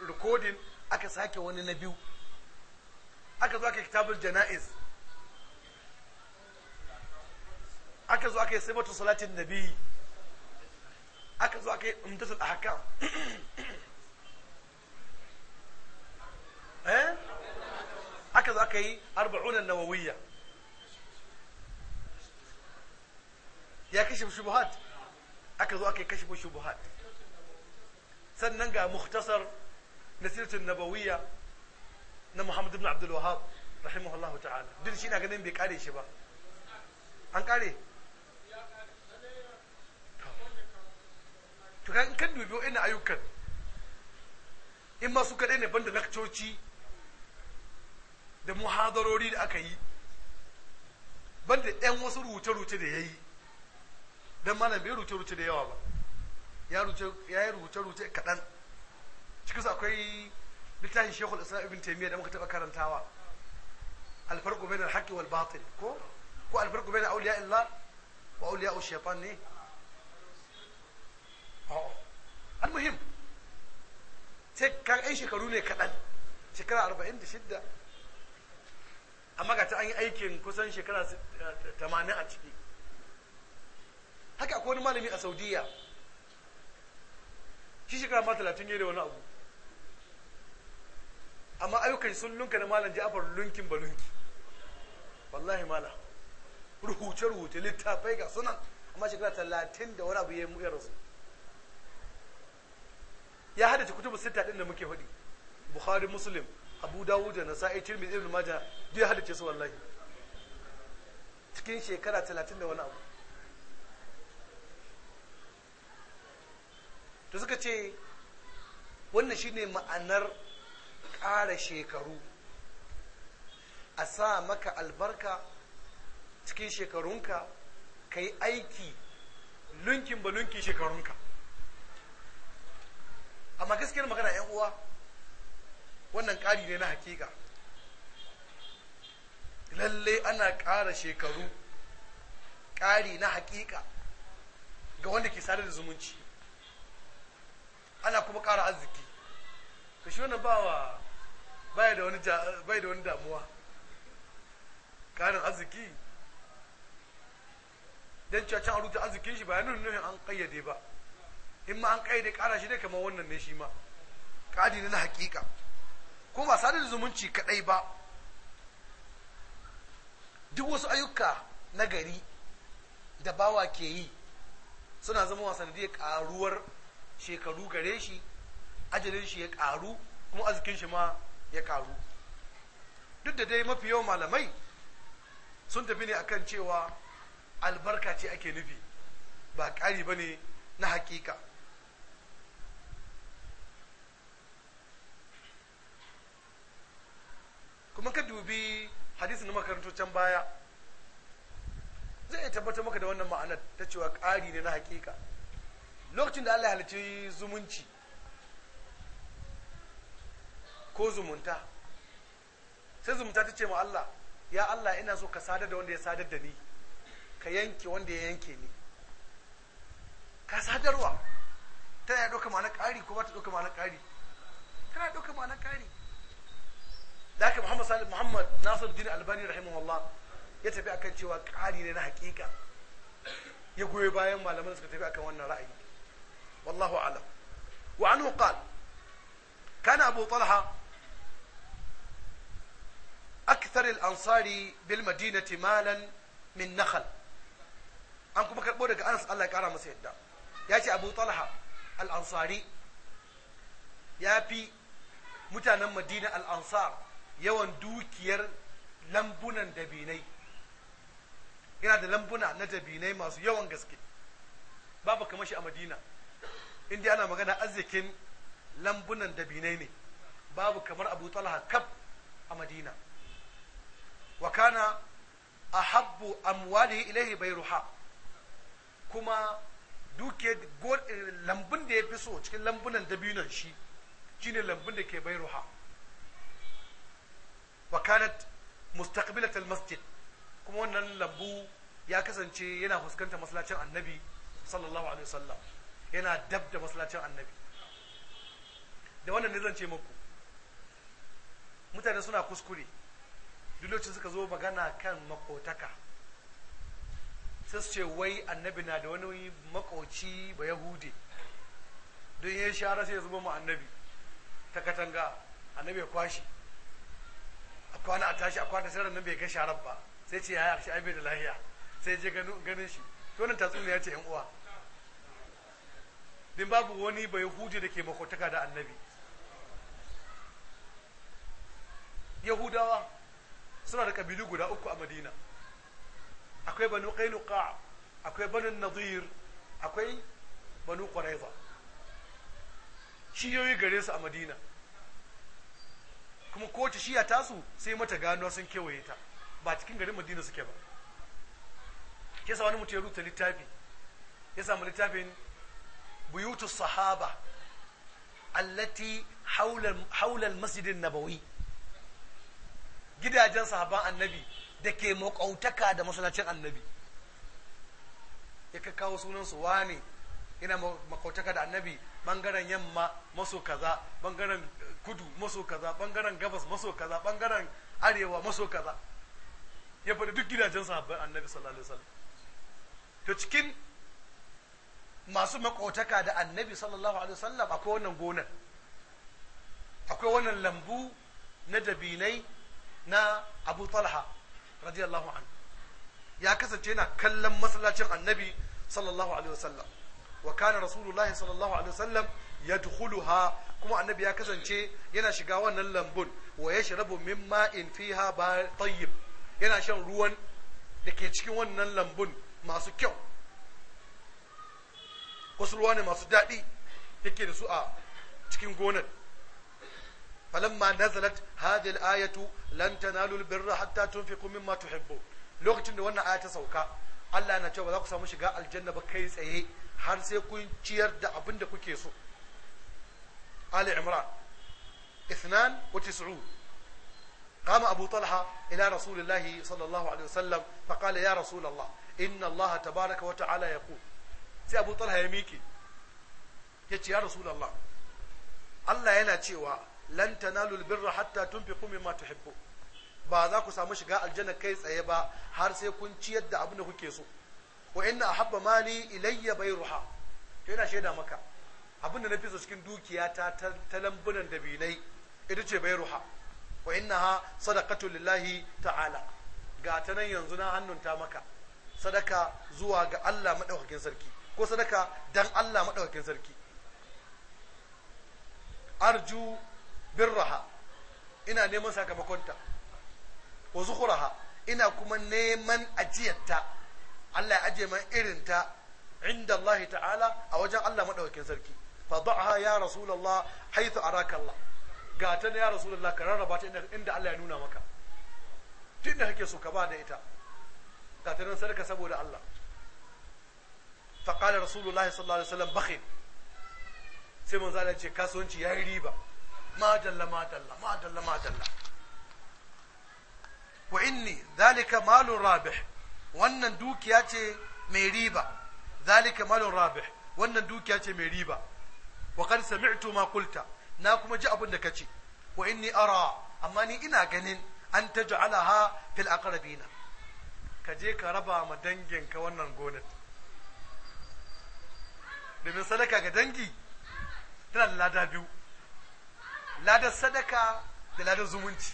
rikodin aka sake wani na biyu aka zo aka kitabul jana'iz aka zo aka yi sifatu salatin nabi aka zo aka yi umtatul a eh aka zo aka yi arba'unan nawawiyya ya kashe shubuhat aka zo aka kashe shubuhat sannan ga muhtasar na sirtun nabawiyya na muhammad ibn abdul wahab rahimahullahu ta'ala duk shi na ganin bai kare shi ba an kare to kan kan dubi wa'in ayyukan in ma su kaɗai ne banda lakcoci da muhadarori da aka yi banda 'yan wasu rubuce-rubuce da ya yi dan malam bai rubuce rubuce da yawa ba ya yi rubuce rubuce kaɗan cikin su akwai littafin shekul islam ibn taimiyya da muka taɓa karantawa alfarqu bainal haqqi wal batil ko ko alfarqu bainal awliya illah wa awliya shaytan ne muhim sai kan ai shekaru ne kaɗan shekara arba'in da shidda amma ga ta an yi aikin kusan shekara tamanin a ciki haka akwai wani malami a saudiya shi shekara ma talatin ya da wani abu amma ayyukan sun lunka na malam jafar lunkin ba lunki wallahi mala rubuce rubuce littafai ga sunan amma shekara talatin da wani abu ya yi rasu ya hada kutubu sita din da muke hudu buhari muslim abu dawud da nasa'i tirmidhi ibn majah duk ya hada su wallahi cikin shekara talatin da wani abu da suka ce wannan shine ma'anar ƙara shekaru a sa maka albarka cikin shekarunka ka yi aiki lunkin ba lunkin shekarunka amma gaskiyar magana 'yan uwa wannan ƙari ne na hakika lalle ana ƙara shekaru ƙari na hakika ga wanda ke sadar da zumunci ana kuma ƙara arziki to shi wannan bawa bai da wani da wani damuwa ƙarin arziki dan cewa can a rubuta arzikin shi ba nuna nufin an ƙayyade ba in ma an ƙayyade ƙara shi dai kamar wannan ne shi ma ƙadi na haƙiƙa ko ba sadar zumunci kaɗai ba duk wasu ayyuka na gari da bawa ke yi suna zama wasanadiyar ƙaruwar shekaru gare shi ajalin shi ya karu kuma arzikin shi ma ya karu duk da dai mafi yawan malamai sun tafi ne a kan cewa albarka ce ake nufi ba ƙari ba ne na hakika kuma ka dubi hadisin makarantar can baya zai tabbatar maka da wannan ma'anar ta cewa ƙari ne na hakika lokacin da Allah halicci zumunci ko zumunta sai zumunta ta ce ma Allah ya Allah ina so ka sadar da wanda ya sadar da ni ka yanke wanda ya yanke ni ka sadarwa tana ya ɗauka ma'anar ƙari ko ba ta ɗauka ma'anar ƙari tana ɗauka ma'anar ƙari da haka Muhammad Salim Muhammad Nasir Dini Albani rahimahullah ya tafi akan cewa ƙari ne na hakika ya goyi bayan malaman suka tafi akan wannan ra'ayi والله أعلم وعنه قال كان أبو طلحة أكثر الأنصار بالمدينة مالا من نخل أنكم بكر بورك أنس الله كرم سيدا يأتي أبو طلحة الأنصاري يأبي mutanen madina al'ansar yawan dukiyar lambunan dabinai yana da lambuna na dabinai masu yawan gaske babu kamar shi a madina indiya ana magana arzikin lambunan dabinai ne babu kamar abu talha kaf a madina wa kana ahabbu amwalihi ilaihi ruha kuma duke eh, lambun da ya fi so cikin lambunan dabinon shi shine lambun da ke ruha wa kanat mustaqbilat masjid kuma wannan lambu ya kasance yana fuskantar masallacin annabi sallallahu alaihi wasallam yana dab da masallacin annabi da wannan ne zan ce muku mutane suna kuskure duk lokacin suka zo magana kan makotaka sai su ce wai annabi na da wani makoci ba yahudi don ya shara sai ya zuba mu annabi ta katanga annabi ya kwashi a kwana a tashi a kwana sai nan bai ga sharar ba sai ce yaya shi ai bai da lahiya sai je ganin shi tonin tatsuniya ce yan uwa din babu wani bai hude da ke makotaka da annabi yahudawa suna da kabilu guda uku a madina akwai banu qainuqa akwai banu Nazir, akwai banu kwaraiza shiyoyi gare su a madina kuma kowace shiya tasu sai mata gano sun kewaye ta ba cikin garin madina suke ba ke sa wani mutum ya rute littafi ya samu littafin بيوت الصحابة التي حول حول المسجد النبوي gidajen sahaban annabi da ke makautaka da masallacin annabi ya ka kawo sunan su wane ina makautaka da annabi bangaren yamma maso kaza bangaren kudu maso kaza bangaren gabas maso kaza bangaren arewa maso kaza ya faɗi duk gidajen sahabban annabi sallallahu alaihi wasallam to cikin masu makotaka da annabi sallallahu alaihi wasallam akwai wannan gonar akwai wannan lambu na dabinai na abu talha radiyallahu anhu ya kasance yana kallon masallacin annabi sallallahu alaihi wasallam wa kana rasulullahi sallallahu alaihi wasallam yadkhuluha kuma annabi ya kasance yana shiga wannan lambun wa yashrabu min ma'in fiha ba tayyib yana shan ruwan da ke cikin wannan lambun masu kyau wasu ruwa ne masu daɗi yake da su a cikin gonar falamma nazalat hadhihi ayatu lan tanalu al-birra hatta tunfiqu mimma tuhibbu lokacin da wannan aya ta sauka Allah na cewa ba za ku samu shiga aljanna ba kai tsaye har sai kun ciyar da abin da kuke so Ali Imran اثنان وتسعون قام أبو طلحة إلى رسول الله صلى الله عليه وسلم فقال يا رسول الله إن الله تبارك وتعالى يقول sai abu talha ya miƙe ya ce ya rasulallah Allah yana cewa lan tanalul birra hatta tunfiqu mimma tuhibbu ba za ku samu shiga aljanna kai tsaye ba har sai kun ci yadda abin da kuke so wa inna ahabba mali ilayya bayruha to yana shaida maka abin da nafi so cikin dukiya ta ta lambunan dabinai ita ce bayruha wa innaha sadaqatu lillahi ta'ala ga ta nan yanzu na hannunta maka sadaka zuwa ga Allah madaukakin sarki ko sadaka dan Allah maɗaukakin sarki arju birraha ina neman sakamakonta wa zuhuraha ina kuma neman ajiyarta Allah ya ajiye man irinta inda Allah ta'ala a wajen Allah maɗaukakin sarki fa da'aha ya rasulullah haythu araka ga ta ya rasulullah ka rarraba ta inda Allah ya nuna maka tunda kake so ka ba da ita ga ta nan sadaka saboda Allah faƙalar rasulullahi sallallahu alaihi wasallam bakhin sai manzo Allah ce kasuwanci yayi riba ma dalla ma dalla ma dalla ma dalla wa inni zalika malun rabih wannan dukiya ce mai riba zalika malun rabih wannan dukiya ce mai riba wa qad sami'tu ma qulta na kuma ji abin da kace wa inni ara amma ni ina ganin an taj'alaha fil aqrabina ka je ka raba ma danginka wannan gonar domin sadaka ga dangi tana da lada biyu ladar sadaka da ladar zumunci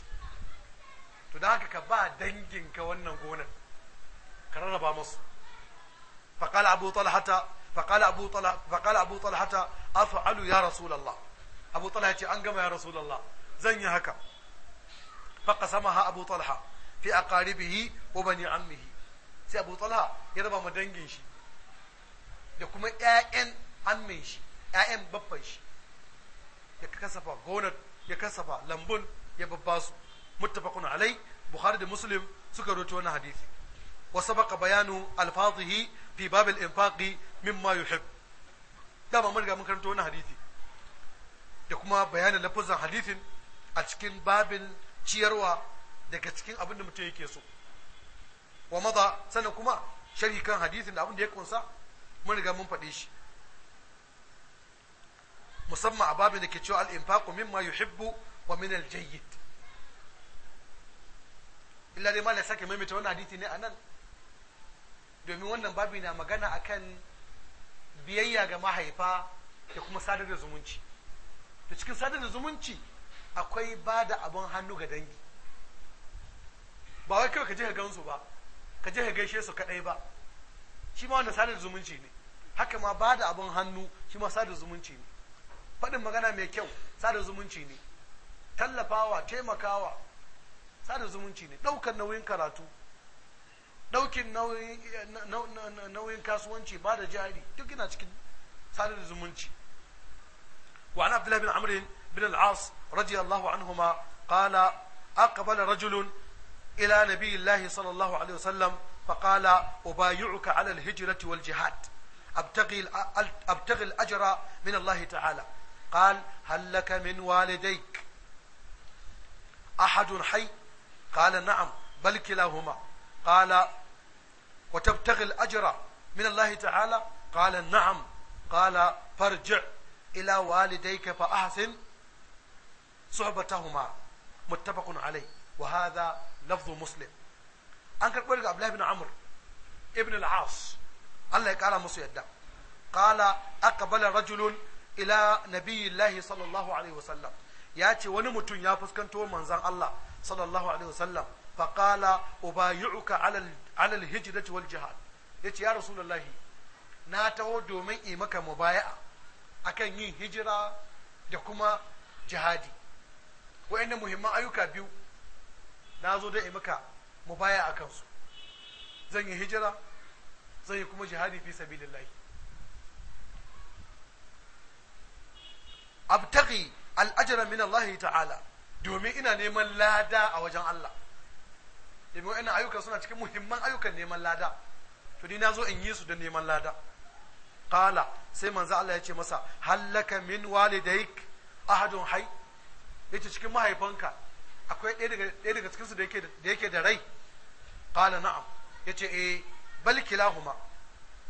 to da haka ka ba danginka wannan gonan ka rarraba musu فقال أبو طلحة فقال أبو طلحة فقال أبو طلحة أفعل يا رسول الله أبو طلحة أنقم يا رسول الله زني هكا فقسمها أبو طلحة في أقاربه وبني عمه سي أبو طلحة يربى مدنجين شي da kuma 'ya'yan ammin shi 'ya'yan babban shi ya kasafa gonar ya kasafa lambun ya babbasu muttafaqun alai bukhari da muslim suka rawaito wannan hadisi wa sabaqa bayanu alfazihi fi bab al-infaqi mimma yuhib dama mun riga mun karanto wannan hadisi da kuma bayanin lafazan hadisin a cikin babin ciyarwa daga cikin abin da mutum yake so wa maza sannan kuma sharhi kan hadisin da abin da ya kunsa mun riga mun faɗi shi musamman a babin da ke cewa al'infaku yi hibbu wa min aljayyid illa dai da sake maimaita wannan hadithi ne a nan domin wannan babi na magana akan biyayya ga mahaifa da kuma sadar da zumunci da cikin sadar da zumunci akwai ba da abin hannu ga dangi ba wai kawai ka je ka gansu ba ka je ka gaishe su kaɗai ba shi ma wanda sadar da zumunci ne haka ma ba da abin hannu shi sada zumunci ne faɗin magana mai kyau sada zumunci ne tallafawa taimakawa sada zumunci ne ɗaukar nauyin karatu ɗaukin nauyin kasuwanci ba da jari duk yana cikin sada zumunci wa ana abdullahi bin amrin bin al'as radiyallahu anhu ma kala aqbala rajulun ila nabiyyi llahi sallallahu alaihi wasallam faqala ubayyuka ala alhijrati wal jihad أبتغي, أبتغي الأجر من الله تعالى قال هل لك من والديك أحد حي قال نعم بل كلاهما قال وتبتغي الأجر من الله تعالى قال نعم قال فارجع إلى والديك فأحسن صحبتهما متفق عليه وهذا لفظ مسلم أنكر قولك عبد الله بن عمرو ابن العاص Allah ya kara musu yadda kala aqbala rajulun ila nabiyillahi sallallahu alaihi wasallam ya ce wani mutum ya fuskanto manzan Allah sallallahu alaihi wasallam fa qala ubayyuka ala alhijrati wal jihad yace ya rasulullahi na taho domin yi maka mubaya'a akan yin hijira da kuma jihadi wa'annan muhimman ayyuka biyu na zo da yi maka mubaya a kansu zan yi hijira zan yi kuma jihadi fi sabilillahi abtaqi al'ajra min Allah ta'ala domin ina neman lada a wajen Allah domin wannan ayyuka suna cikin muhimman ayyukan neman lada to ni nazo in yi su da neman lada qala sai manzo Allah ya ce masa hallaka min walidayk ahadun hay yace cikin mahaifanka akwai ɗaya daga cikinsu da yake da yake da rai qala na'am yace eh bal kilahuma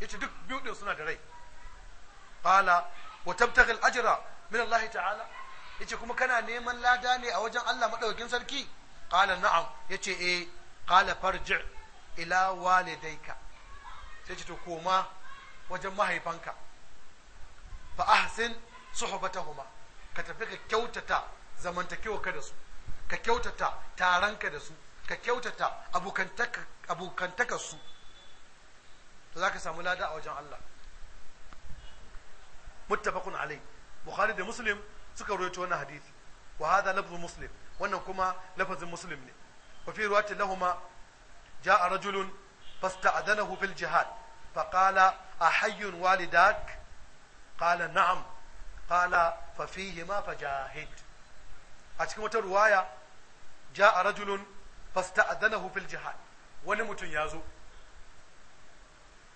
yace duk biyu din suna da rai qala wa tabtaghi ajra min Allah ta'ala yace kuma kana neman lada ne a wajen Allah madaukakin sarki qala na'am yace eh qala farji ila walidayka sai ce to koma wajen mahaifanka fa ahsin suhbatahuma ka tafi ka kyautata zamantakewarka da su ka kyautata taranka da su ka kyautata abokantakarsu to ka samu lada a wajen Allah muttafaqun alai bukhari da muslim suka rawaito wannan hadisi wa hadha lafzu muslim wannan kuma lafazin muslim ne wa fi riwayatin lahuma jaa rajulun fasta'adhanahu fil jihad فقال أحي والداك قال نعم قال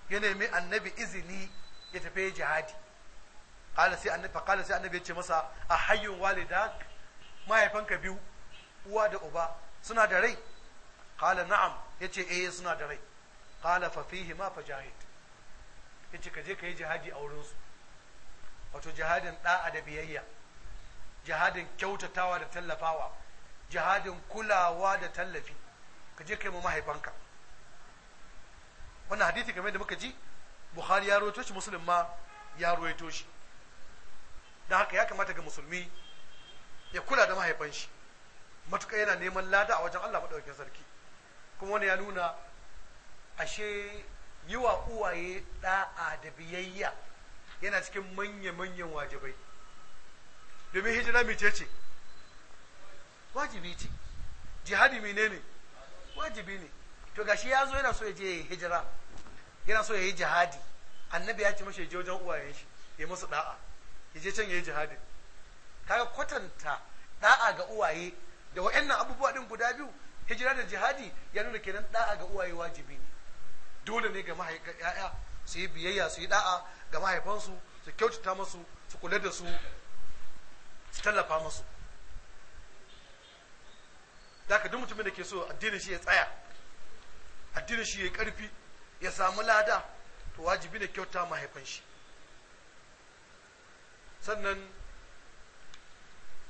ya nemi annabi izini ya tafi jihadi qala sai annabi sai annabi ya ce masa a hayyun walidak mahaifanka biyu uwa da uba suna da rai kala na'am ce eh suna da rai kala fa fihi ma fajahid yace ka je ka yi jihadi a wurin su wato jihadin da'a da biyayya jihadin kyautatawa da tallafawa jihadin kulawa da tallafi ka je kai mu mahaifanka wannan hadisi game da muka ji buhari ya rawaito shi muslim ma ya rawaito shi don haka ya kamata ga musulmi ya kula da mahaifan shi matuƙa yana neman lada a wajen Allah maɗaukin sarki kuma wani ya nuna ashe yi wa uwaye ɗa'a da biyayya yana cikin manya-manyan wajibai domin hijira mece ce wajibi ce jihadi ne wajibi ne to ga shi ya zo yana so ya je hijira yana so ya yi jihadi annabi ya ce mashi ya je wajen uwayen shi ya masu da'a ya je can ya yi jihadi kaga kwatanta da'a ga uwaye da wa'annan abubuwa din guda biyu hijira da jihadi ya nuna kenan da'a ga uwaye wajibi ne dole ne ga ya'ya su yi biyayya su yi da'a ga mahaifansu su kyautata musu su kula da su su tallafa musu da duk mutumin da ke so addinin shi ya tsaya addinin shi ya karfi ya samu lada to wajibi ne kyauta mahaifin shi sannan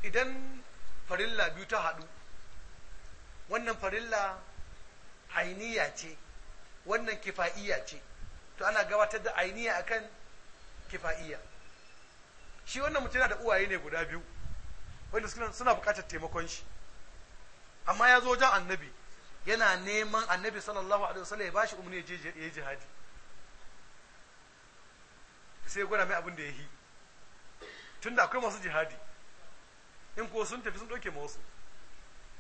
idan farilla biyu ta haɗu wannan farilla ainiya ce wannan kifa'iya ce to ana gabatar da ainiya akan kifa'iya shi wannan mutum yana da uwaye ne guda biyu wanda suna buƙatar taimakon shi amma ya zo wajen annabi yana neman annabi sallallahu alaihi wasallam ya bashi umarni ya yi jihadi sai ya gwada mai abin da ya yi tunda akwai masu jihadi in ko sun tafi sun ɗauke ma wasu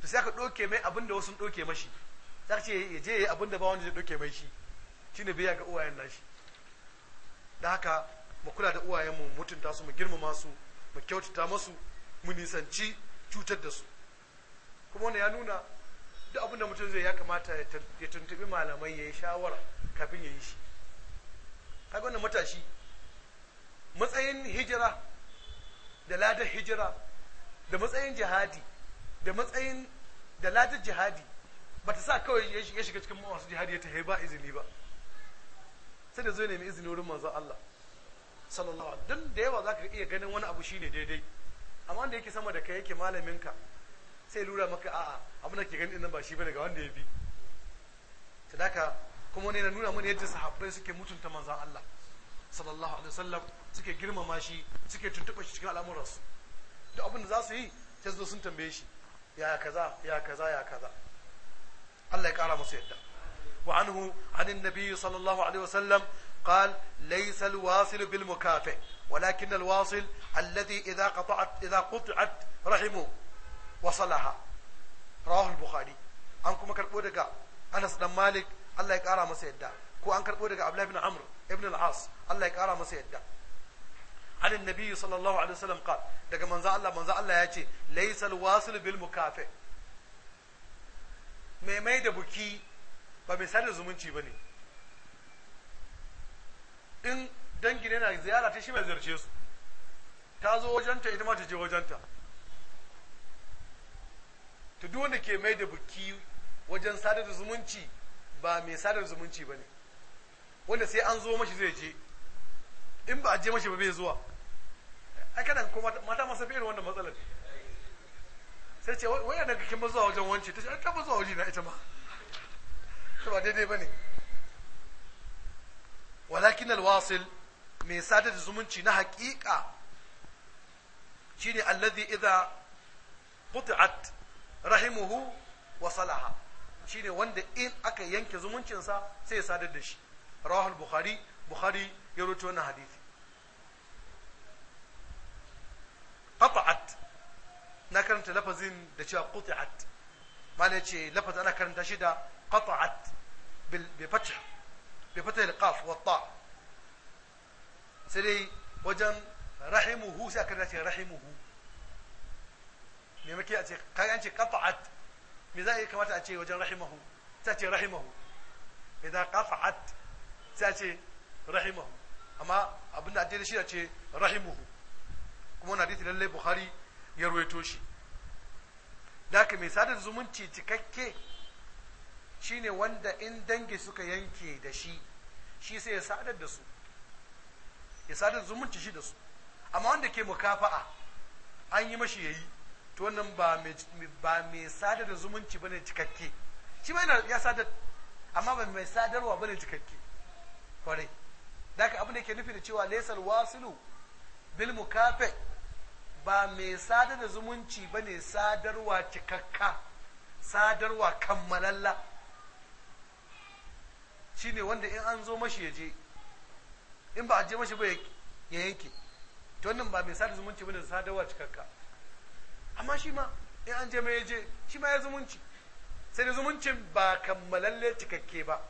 to sai aka ɗauke mai abin da wasu sun ɗauke mashi sai ce ya je ya abin da ba wanda zai ɗauke mai shi shine biya ga uwayen nashi da haka mu kula da uwayen mu mutunta su mu girmama su mu kyautata masu mu nisanci cutar da su kuma wannan ya nuna duk abin da mutum zai ya kamata ya tuntubi malamai ya yi shawara kafin ya yi shi haka wanda matashi matsayin hijira da ladar hijira da matsayin jihadi da matsayin da ladar jihadi ba ta sa kawai ya shiga cikin masu jihadi ya tahe ba izini ba sai da zai nemi izini wurin manzon Allah sallallahu alaihi don da yawa zaka iya ganin wani abu shi ne daidai amma da yake sama da kai yake malamin ka sai lura maka a'a abin da ke ganin nan ba shi ba daga wanda ya bi sadaka kuma ne na nuna mana yadda sahabbai suke mutunta manzan Allah sallallahu alaihi wasallam suke girmama shi suke tuntuɓa shi cikin al'amuransu duk abin da za su yi sai zo sun tambaye shi ya kaza ya kaza ya kaza Allah ya kara musu yadda wa anhu anin nabi sallallahu alaihi wasallam قال ليس الواصل بالمكافئ ولكن الواصل الذي إذا قطعت إذا قطعت رحمه Wasalaha Rahul rawahul bukhari an kuma karbo daga anas dan malik Allah ya kara masa yadda ko an karbo daga abdullahi ibn amr ibn al-as Allah ya kara masa yadda anan nabiyyi sallallahu alaihi wasallam qal daga manzo Allah manzo Allah ya ce laysal wasil bil mukafi mai mai da buki ba mai sadar zumunci ne. in dangi ne na ziyara ta shi mai zarce su ta zo wajenta ita ma ta je wajenta to duk wanda ke mai da buki wajen sadar da zumunci ba mai sadar da zumunci ba ne wanda sai an zo mashi zai je in ba a je mashi ba bai zuwa ai kana ko mata masu fiye wanda matsalar sai ce wai yana kakin ba zuwa wajen wance ta ce ta ba zuwa wajen na ita ma ta ba daidai ba ne walakin alwasil mai sadar da zumunci na hakika shine allazi idza qut'at rahimuhu wa salaha shine wanda in aka yanke zumuncinsa sai ya sadar da shi rawahul bukhari bukhari ya rubuta wannan hadisi qata'at na karanta lafazin da cewa qati'at malai ce lafazin ana karanta shi da qata'at bi fath bi fath al-qaf wa ta sai dai wajen rahimuhu sai aka rahimuhu me maki a ce kai an ce qata'at me za a yi kamata a ce wajen rahimahu sai ce rahimahu idan qata'at sai ce rahimahu amma abinda addini shi ce rahimuhu kuma wannan hadisi lallai bukhari ya ruwaito shi da haka mai sadar zumunci cikakke shine wanda in dangi suka yanke da shi shi sai ya sadar da su ya sadar zumunci shi da su amma wanda ke mukafa'a an yi mashi yayi to wannan ba mai sadar da zumunci bane cikakke shi mai yana ya sadar amma ba mai sadarwa bane cikakke kwarai da ka abu da ke nufi da cewa lesar wasilu bil mukafe ba mai sadar da zumunci bane sadarwa cikakka sadarwa kammalalla ne wanda in an zo mashi ya je in ba a je mashi ba ya yanke to wannan ba mai sadar zumunci bane sadarwa cikakka amma shi ma in an je mai je shi ma ya zumunci sai da zumuncin ba kammalalle cikakke ba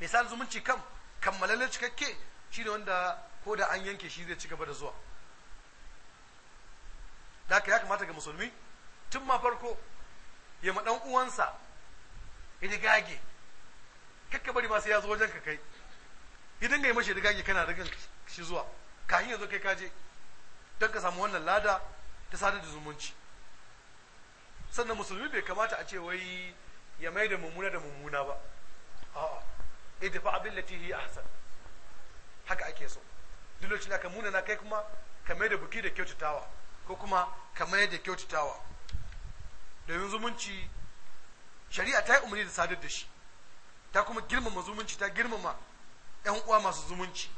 misal zumunci kam kammalalle cikakke shi ne wanda ko da an yanke shi zai ci gaba da zuwa da ya kamata ga musulmi tun ma farko ya ma ɗan uwansa ya gage kakka bari masu sai ya wajen ka kai Idan ga yi mashi gage kana rigan shi zuwa kahin ya zo kai kaje don ka samu wannan lada ta sadar da zumunci sannan musulmi bai kamata a ce wai ya mai da mummuna da mummuna ba a'a idfa abin lati a hasan haka ake so duk lokacin da ka muna na kai kuma ka mai da buki da kyautatawa ko kuma ka mai da kyautatawa domin zumunci shari'a ta yi umarni da sadar da shi ta kuma girmama zumunci ta girmama yan uwa masu zumunci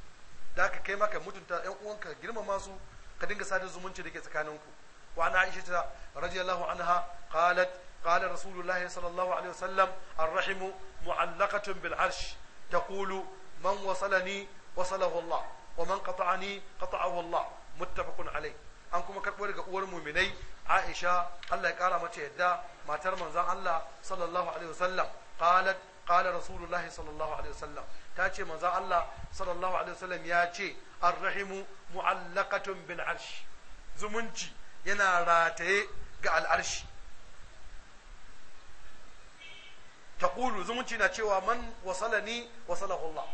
da aka kai maka mutunta yan uwanka girmama su ka dinga sadar zumunci da ke tsakaninku وعن عائشة رضي الله عنها قالت قال رسول الله صلى الله عليه وسلم الرحم معلقة بالعرش تقول من وصلني وصله الله ومن قطعني قطعه الله متفق عليه an kuma karɓo daga uwar muminai aisha allah ya ƙara mace yadda matar manzan allah sallallahu alaihi wasallam qalat qala rasulullahi sallallahu alaihi wasallam ta ce manzan allah sallallahu alaihi wasallam ya ce arrahimu mu'allaqatun bil arsh zumunci yana rataye ga al'arshi taqulu zumunci na cewa man wasalani wasala Allah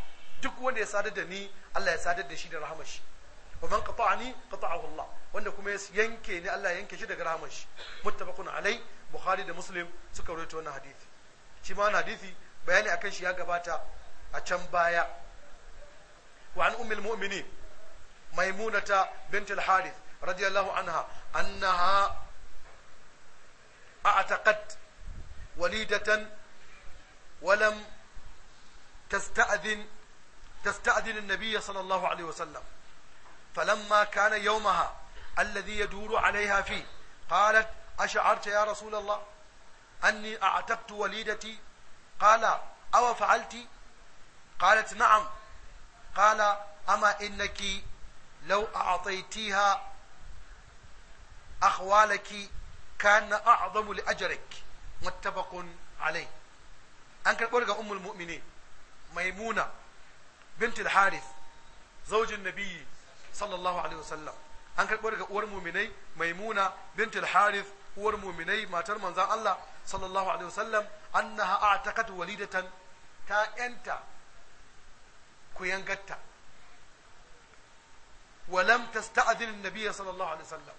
duk wanda ya sadar da ni Allah ya sadar da shi da rahamar shi wa man qata'ani qata'ahu Allah wanda kuma ya yanke ni Allah ya yanke shi daga rahamar shi muttafaqun alai bukhari da muslim suka rawaito wannan hadisi shi ma wannan hadisi bayani akan shi ya gabata a can baya wa an ummul mu'minin maimunata bint al-harith radiyallahu anha annaha a'taqat walidatan walam tasta'dhin تستأذن النبي صلى الله عليه وسلم فلما كان يومها الذي يدور عليها فيه قالت أشعرت يا رسول الله أني أعتقت وليدتي قال أو فعلت قالت نعم قال أما إنك لو أعطيتيها ahwalaki kana a'zamu li ajrik muttafaqun alai an karɓo daga ummul mu'minin maimuna bint al-harith zaujin nabiyyi sallallahu alaihi wasallam an karɓo daga uwar muminai maimuna bint al-harith uwar muminai matar manza Allah sallallahu alaihi wasallam annaha a'taqat walidatan ta yanta kuyangatta ولم تستأذن النبي صلى الله عليه وسلم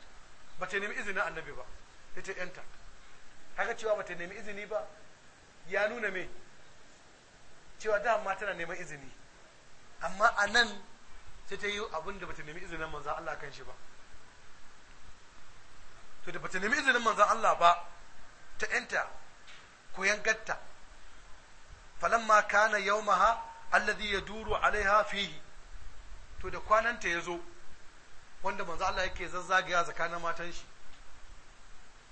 ba ta nemi izinin annabi ba ta yanta haka cewa ba ta nemi izini ba ya nuna me cewa da ma tana neman izini amma a nan sai ta yi abin da ba ta nemi izinin manzan Allah kan shi ba to da ba ta nemi izinin manzan Allah ba ta yanta ko yankatta falamma kana yawmaha alladhi yaduru alaiha fihi to da kwananta ya zo wanda manzo Allah yake zazzagaya tsakanin matan shi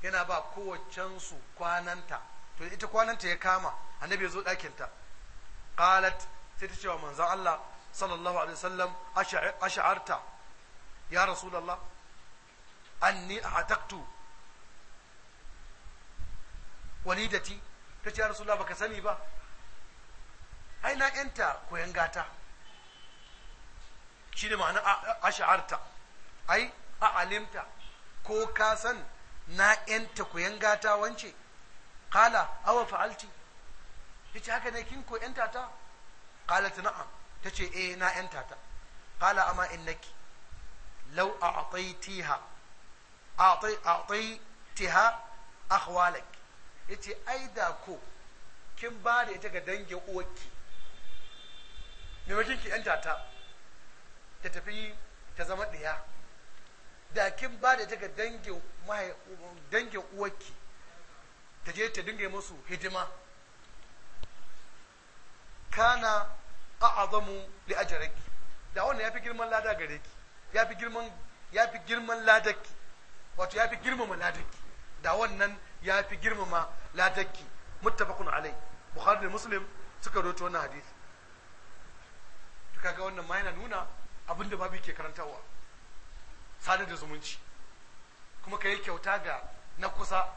yana ba kowaccensu kwananta to ita kwananta ya kama annabi ya zo ɗakinta ta qalat sai ta ce wa manzo Allah sallallahu alaihi wasallam ash'arta ya rasulullah anni ataqtu walidati ta ce ya rasulullah baka sani ba ai na yanta koyan gata shi ne ma'ana ash'arta ai a alimta ko ka san na yanta koyan gata wance kala awa fa'alti yace haka ne kin ko yanta ta ta. na'am ce eh na yanta ta kala amma innaki law tiha a'tay a'taytiha akhwalak yace ai da ko kin ba da ita ga dangin uwarki maimakon ki yanta ta ta tafi ta zama ɗaya da kin ba da ta ga dangin uwarki ta je ta dinga musu hidima kana azamu da ajiyarki da wannan fi girman lada gare ki fi girman fi girman ladaki wato ya fi girmama ladaki da wannan ya fi girmama ladaki muttafaqun alai bukhari da muslim suka rawaito wannan hadisi to kaga wannan ma yana nuna abinda babu ke karantawa sadar da zumunci kuma ka yi kyauta ga na kusa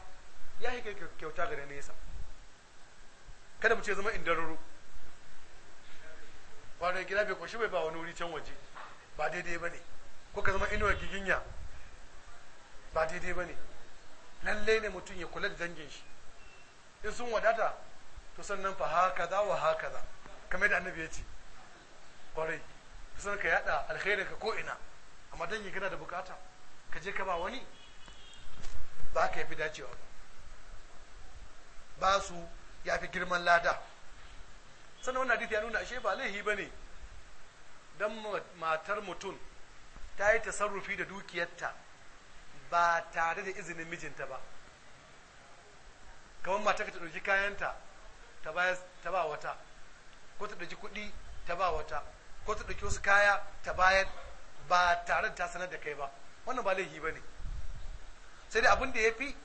ya yi kyauta ga na nesa kada mu ce zama ruru kwanan gida bai kwashi bai ba wani wuri can waje ba daidai ba ne ko ka zama inuwar giginya ba daidai ba ne lallai ne mutum ya kula da dangin shi in sun wadata to sannan fa haka za wa haka za kamar da annabi ya ce kwarai sun ka yada alkhairin ka ko ina amma yi kana da bukata ka je ka ba wani ba ka yafi dacewa ba ba su ya fi girman lada sannan wannan hadith ya nuna ashe ba laihi ba ne don matar mutum ta yi tasarrufi da dukiyarta ba tare da izinin mijinta ba kamar mata ka ta ɗauki kayanta ta ba wata ko ta ɗauki kuɗi ta ba wata ko ta ɗauki wasu kaya ta bayan ba tare da ta sanar da kai ba wannan ba laifi ba ne sai dai abin da ya fi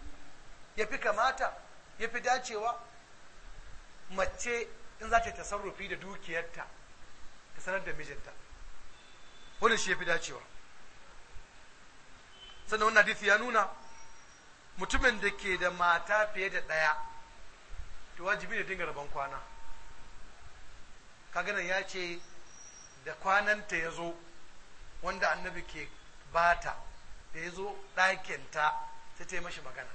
ya fi kamata ya fi dacewa mace in za ta tasarrufi da dukiyarta ta sanar da mijinta wannan shi ya fi dacewa sannan wannan hadisi ya nuna mutumin da ke da mata fiye da ɗaya to wajibi da dinga rabon kwana ka kaganan ya ce da kwananta ya zo wanda annabi ke bata da ya zo ɗakinta sai ta yi mashi magana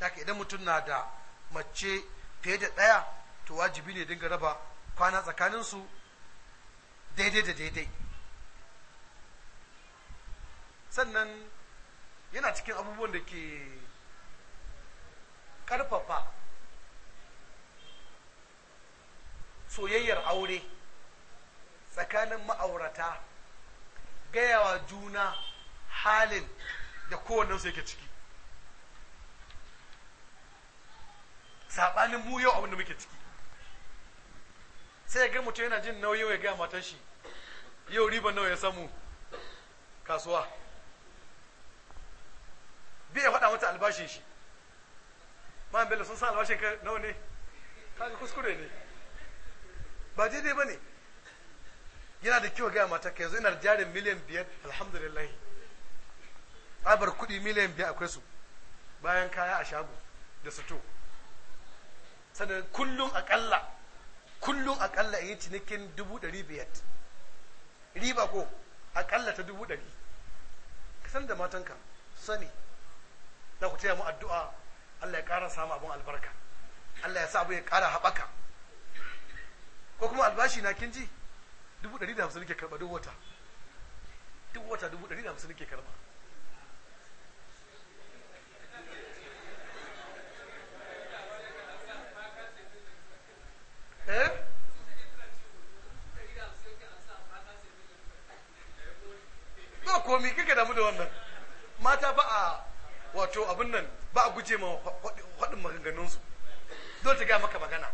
haka idan mutum na da mace fiye da ɗaya to wajibi ne dinga raba kwana tsakaninsu daidai da daidai sannan yana cikin abubuwan da ke ƙarfafa soyayyar aure tsakanin ma'aurata Gayawa juna halin da kowannen su yake ciki saɓanin mu yau abin da muke ciki sai ya ga mutum yana jin nauyi ya gaya matan shi yau riba nawa ya samu kasuwa bi ya faɗa mata albashin shi ma'am bello sun san albashin ka nawa ne kaga kuskure ne ba daidai ba ne yana da kyau gaya mata ka yanzu ina da jarin miliyan biyar alhamdulillahi abar kuɗi miliyan biyar akwai su bayan kaya a shago da suto sannan kullum akalla kullum akalla yi cinikin dubu ɗari biyar riba ko akalla ta dubu ɗari ka san da matanka sani za ku taya mu addu'a Allah ya ƙara samu abin albarka Allah ya sa abu ya ƙara haɓaka ko kuma albashi na kin ji dubu ɗari da hamsin nake karɓa duk wata duk wata dubu ɗari da hamsin nake karɓa eh ba komi kake damu da wannan mata ba a wato abin nan ba a guje ma haɗin maganganunsu dole ta gaya maka magana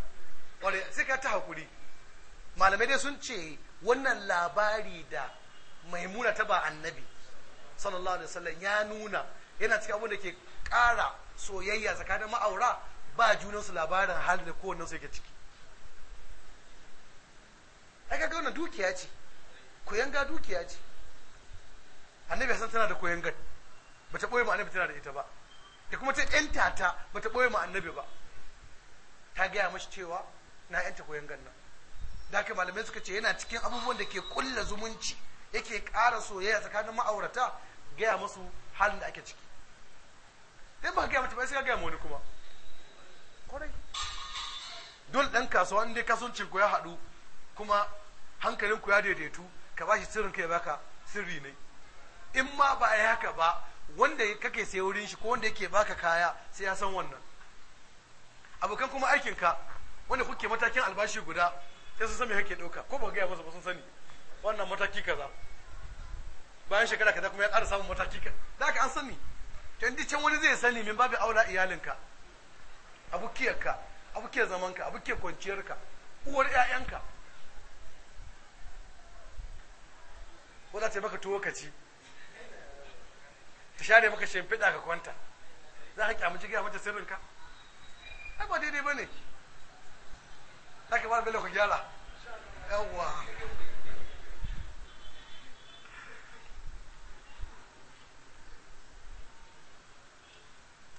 wadda sai ka ta haƙuri malamai dai sun ce wannan labari da maimuna ta ba annabi sallallahu alaihi wasallam ya nuna yana cikin abin da ke ƙara soyayya tsakanin ma'aura ba junansu labarin halin da kowannen su yake ciki ai ga wannan dukiya ce koyanga dukiya ce annabi hasan tana da ba bata ɓoye ma annabi tana da ita ba da kuma ta yanta ta bata ɓoye ma annabi ba ta gaya mashi cewa na yanta koyangar nan da haka malamai suka ce yana cikin abubuwan da ke kulla zumunci yake ƙara soyayya tsakanin ma'aurata gaya musu halin da ake ciki sai ba gaya mata ba sai ka gaya wani kuma kwarai dole ɗan kasuwa inda kasuwancin ku ya haɗu kuma hankalin ku ya daidaitu ka ba shi sirrin ka ya baka sirri ne in ma ba a yi haka ba wanda kake sai wurin shi ko wanda yake baka kaya sai ya san wannan abokan kuma aikinka wanda kuke matakin albashi guda sai sun san me kake ɗauka ko ba gaya masa ba sun sani wannan mataki kaza bayan shekara kaza kuma ya ƙara samun mataki ka da aka an sani can can wani zai sani min babu aula iyalinka abukiyarka abukiyar zamanka abukiyar kwanciyarka uwar 'ya'yanka ko za ta yi maka tuwo ka ci ta share maka shimfiɗa ka kwanta za ka kyamaci gaya mace sirrinka ai ba daidai ba ne haka ba bello ku gyara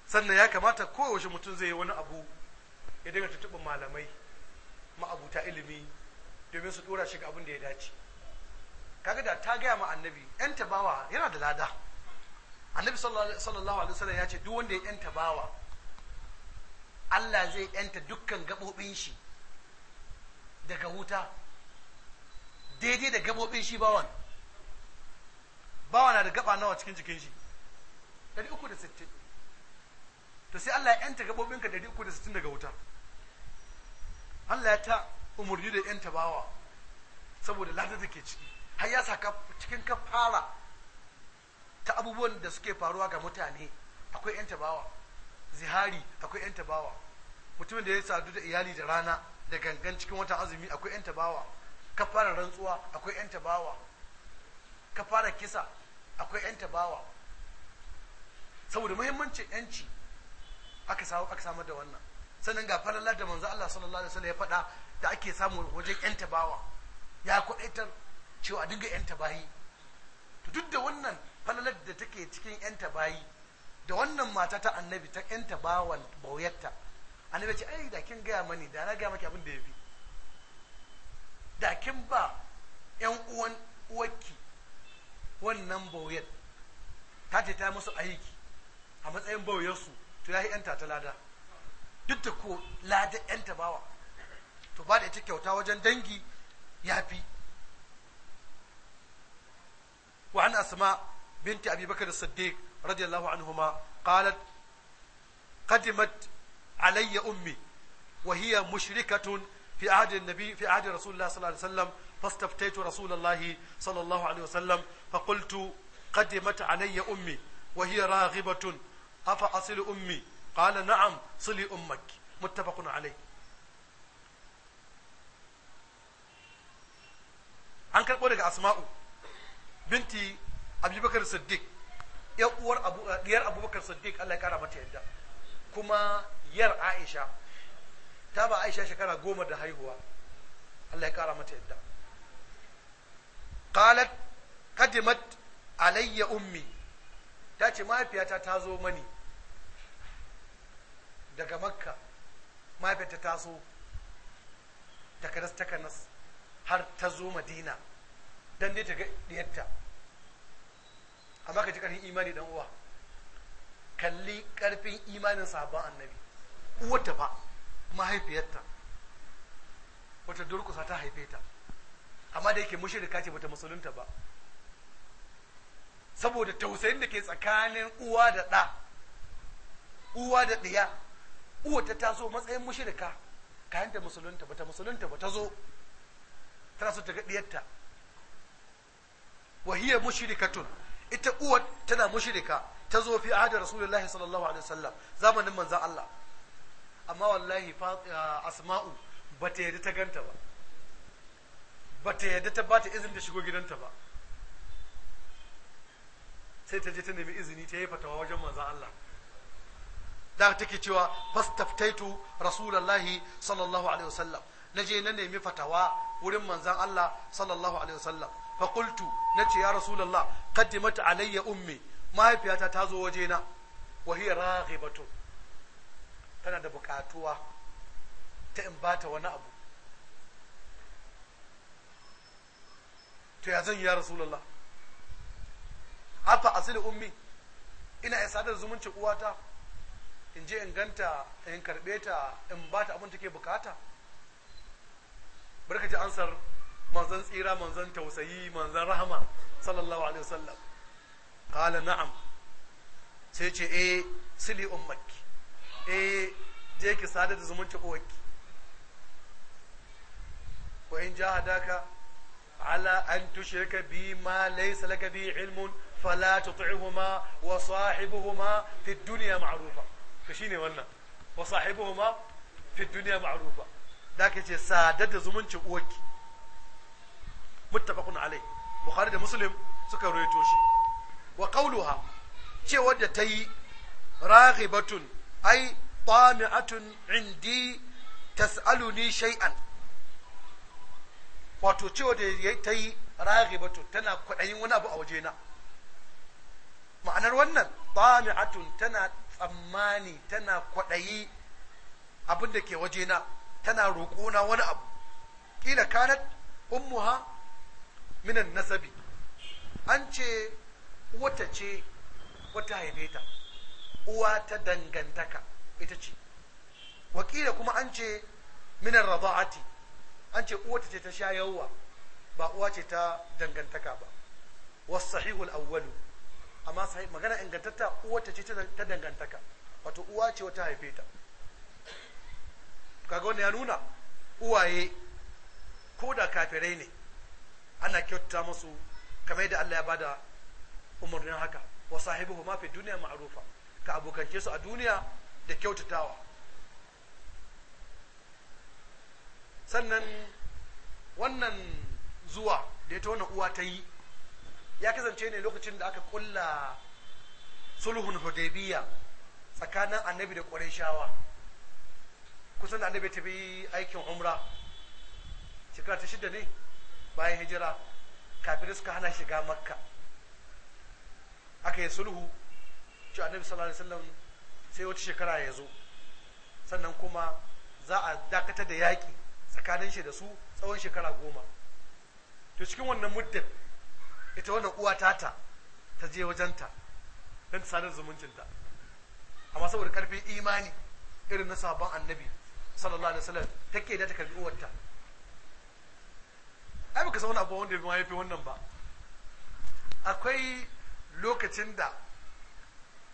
sannan ya kamata koyaushe mutum zai yi wani abu ya dinga tuntuɓin malamai ma'abuta ilimi domin su ɗora shi ga abin da ya dace kaga da ta gaya ma annabi yan tabawa yana da lada annabi sallallahu alaihi wasallam ya ce duk wanda ya yan tabawa Allah zai yanta dukkan gaɓoɓin shi daga wuta daidai da gabobin shi bawan bawa na da gaba nawa cikin jikin shi 360 to sai Allah ya yanta gabobinka 360 daga wuta Allah ya ta umarni da yanta bawa saboda ladar da ke ciki har ya saka cikin kafara ta abubuwan da suke faruwa ga mutane akwai yanta bawa zihari akwai yanta bawa mutumin da ya sadu da iyali da rana da gangan cikin wata azumi akwai yan tabawa ka fara rantsuwa akwai yan tabawa ka fara kisa akwai yan tabawa saboda muhimmancin yanci aka samu aka samar da wannan sannan ga falala da manzo Allah sallallahu alaihi wasallam ya faɗa da ake samu wajen yan tabawa ya kudaitar cewa a dinga yan tabahi to duk da wannan falalar da take cikin yan tabahi da wannan mata ta annabi ta yan tabawan bauyarta annabi ce ai da kin gaya mani da na gaya maki abin da ya fi da kin ba yan uwan uwarki wannan bauyar ta ce ta musu aiki a matsayin bauyarsu to ya yi yanta ta lada duk da ko lada yanta bawa to ba da ita kyauta wajen dangi ya fi wa an asma binti abi bakar siddiq radiyallahu anhuma qalat qadimat alayya ummi wa hiya mushrikatun fi ummi an karɓo daga asma'u binti abubakar siddiq uwar abubakar siddiq allah ya kara mata yadda kuma yar aisha ta ba aisha shekara goma da haihuwa Allah ya kara mata yadda qalat alayya ummi ta ce mahaifiyata ta zo mani daga makka mahaifiyata ta zo takanas takanas har ta zo madina don dai ta ga diyarta amma ka ji karfin imani dan uwa kalli karfin imanin sabon annabi uwarta ba mahaifiyarta wata durkusa ta haife ta amma da yake mushirika ce bata musulunta ba saboda tausayin da ke tsakanin uwa da ɗa uwa da ɗiya uwa ta taso matsayin mushirika kayan da musulunta bata musulunta ba ta zo tana so ta ga ɗiyarta wahiyar tun ita uwa tana mushirika ta zo fi ahadar rasulullahi sallallahu alaihi wasallam zamanin manzan Allah amma wallahi asma'u ba ta yadda ta ganta ba ba ta yadda ta ba ta izini ta shigo gidanta ba sai ta je ta nemi izini ta yi fatawa wajen manzan Allah da take cewa fastaftaitu rasulullahi sallallahu alaihi wasallam na je na nemi fatawa wurin manzan Allah sallallahu alaihi wasallam fa na nace ya rasulullah qaddimat alayya ummi mahaifiyata ta zo wajena wa hiya raghibatun tana da bukatuwa ta in bata wani abu to ya zan yi ya rasulullah hatta asili ummi ina isa da zumuncin uwata in je in ganta in karbe ta in bata abin take bukata barka ji ansar manzan tsira manzan tausayi manzan rahama sallallahu alaihi wasallam qala na'am sai ce eh sili ummaki eh je ki sadar da zumunci uwarki wa in jahadaka ala an tushrika bi ma laysa laka bi ilmun fala tuti'huma wa sahibuhuma fi dunya ma'rufa to shine wannan wa sahibuhuma fi dunya ma'rufa da ke ce sadar da zumuncin uwarki muttafaqun alai bukhari da muslim suka rawaito shi wa qawluha cewa da tayi raghibatun ai tani'atun indi tas'aluni shay'an wato cewa da ya ta yi raghibatu tana kwaɗayin wani abu a wajena ma'anar wannan tani'atun tana tsammani tana kwaɗayi abin da ke wajena tana roƙona wani abu ƙila kanat ummuha minan nasabi an ce wata ce wata haife ta uwa ta dangantaka ita ce wakila kuma an ce minar rada'ati an ce uwa ta ce ta sha shayarwa ba uwa ce ta dangantaka ba wasu sahihul awwalu amma sahih magana ingantatta uwa ta ce ta dangantaka wato uwa ce wata haife ta kaga wanda ya nuna uwaye ko da kafirai ne ana kyauta masu kamar yadda Allah ya bada umarnin haka wa sahibuhu ma fi duniya ma'rufa ka abokance su a duniya da kyautatawa sannan wannan zuwa da ita wannan uwa ta yi ya kasance ne lokacin da aka kulla sulhun hudaybiya tsakanin annabi da ƙwarishawa kusan da annabi ta bi aikin umra shekara ta shida ne bayan hijira kafin suka hana shiga makka aka yi sulhu cewa annabi sallallahu alaihi wasallam sai wata shekara ya zo sannan kuma za a dakatar da yaki tsakanin shi da su tsawon shekara goma to cikin wannan muddin ita wannan uwa tata ta je wajenta don ta sadar zumuncinta amma saboda karfin imani irin na sabon annabi sallallahu alaihi wasallam take da ta karbi uwarta ai baka san wani abu wanda ya fi wannan ba akwai lokacin da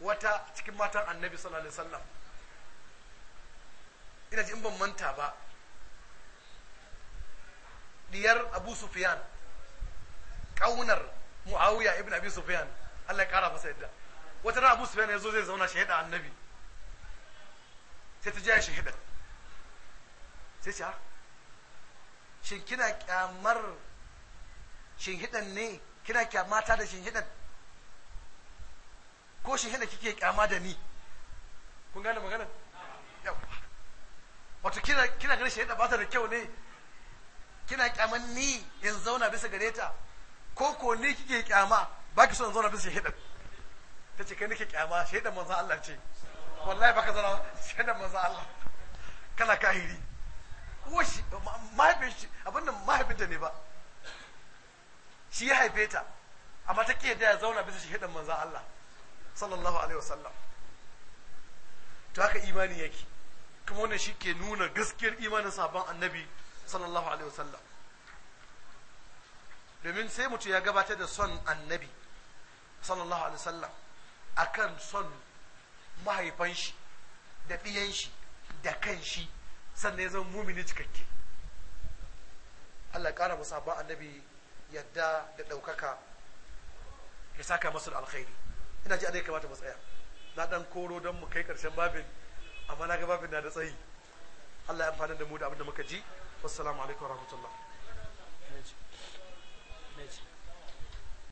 wata cikin matan annabi sallallahu alaihi wasallam ina ji in ban manta ba diyar abu sufyan kaunar muawiya ibn abi sufyan Allah ya kara masa yadda wata ran abu sufyan yazo zai zauna shahida annabi sai ta jaya shahida sai ce ah, shin kina kyamar shin ne kina kyamata da shin ko shi da kike kyama da ni kun gane magana wato kina kina ganin shahada ba ta da kyau ne kina kyaman ni in zauna bisa gare ta ko ko ni kike kyama ba ki so in zauna bisa shahada ta ce kai nake kyama shahidan manzo Allah ce wallahi baka zauna shahidan manzo Allah kana kahiri ko shi mahaifin shi abin nan mahaifinta ne ba shi ya haife ta amma ta ke da ya zauna bisa shahidan manzo Allah sallallahu alaihi wasallam to haka imani yake kuma wannan shi ke nuna gaskiyar imanin sabon annabi sallallahu alaihi wasallam domin sai mutum ya gabatar da son annabi sallallahu alaihi wasallam akan son mahaifan shi da ɗiyan shi da kan shi sannan ya zama mumini cikakke Allah ƙara musa ba annabi yadda da ɗaukaka ya saka masu alkhairi ina ji a kamata mu tsaya na dan koro don mu kai karshen babin amma na ga babin na da tsayi Allah ya amfana da mu da abin da muka ji wassalamu alaikum warahmatullahi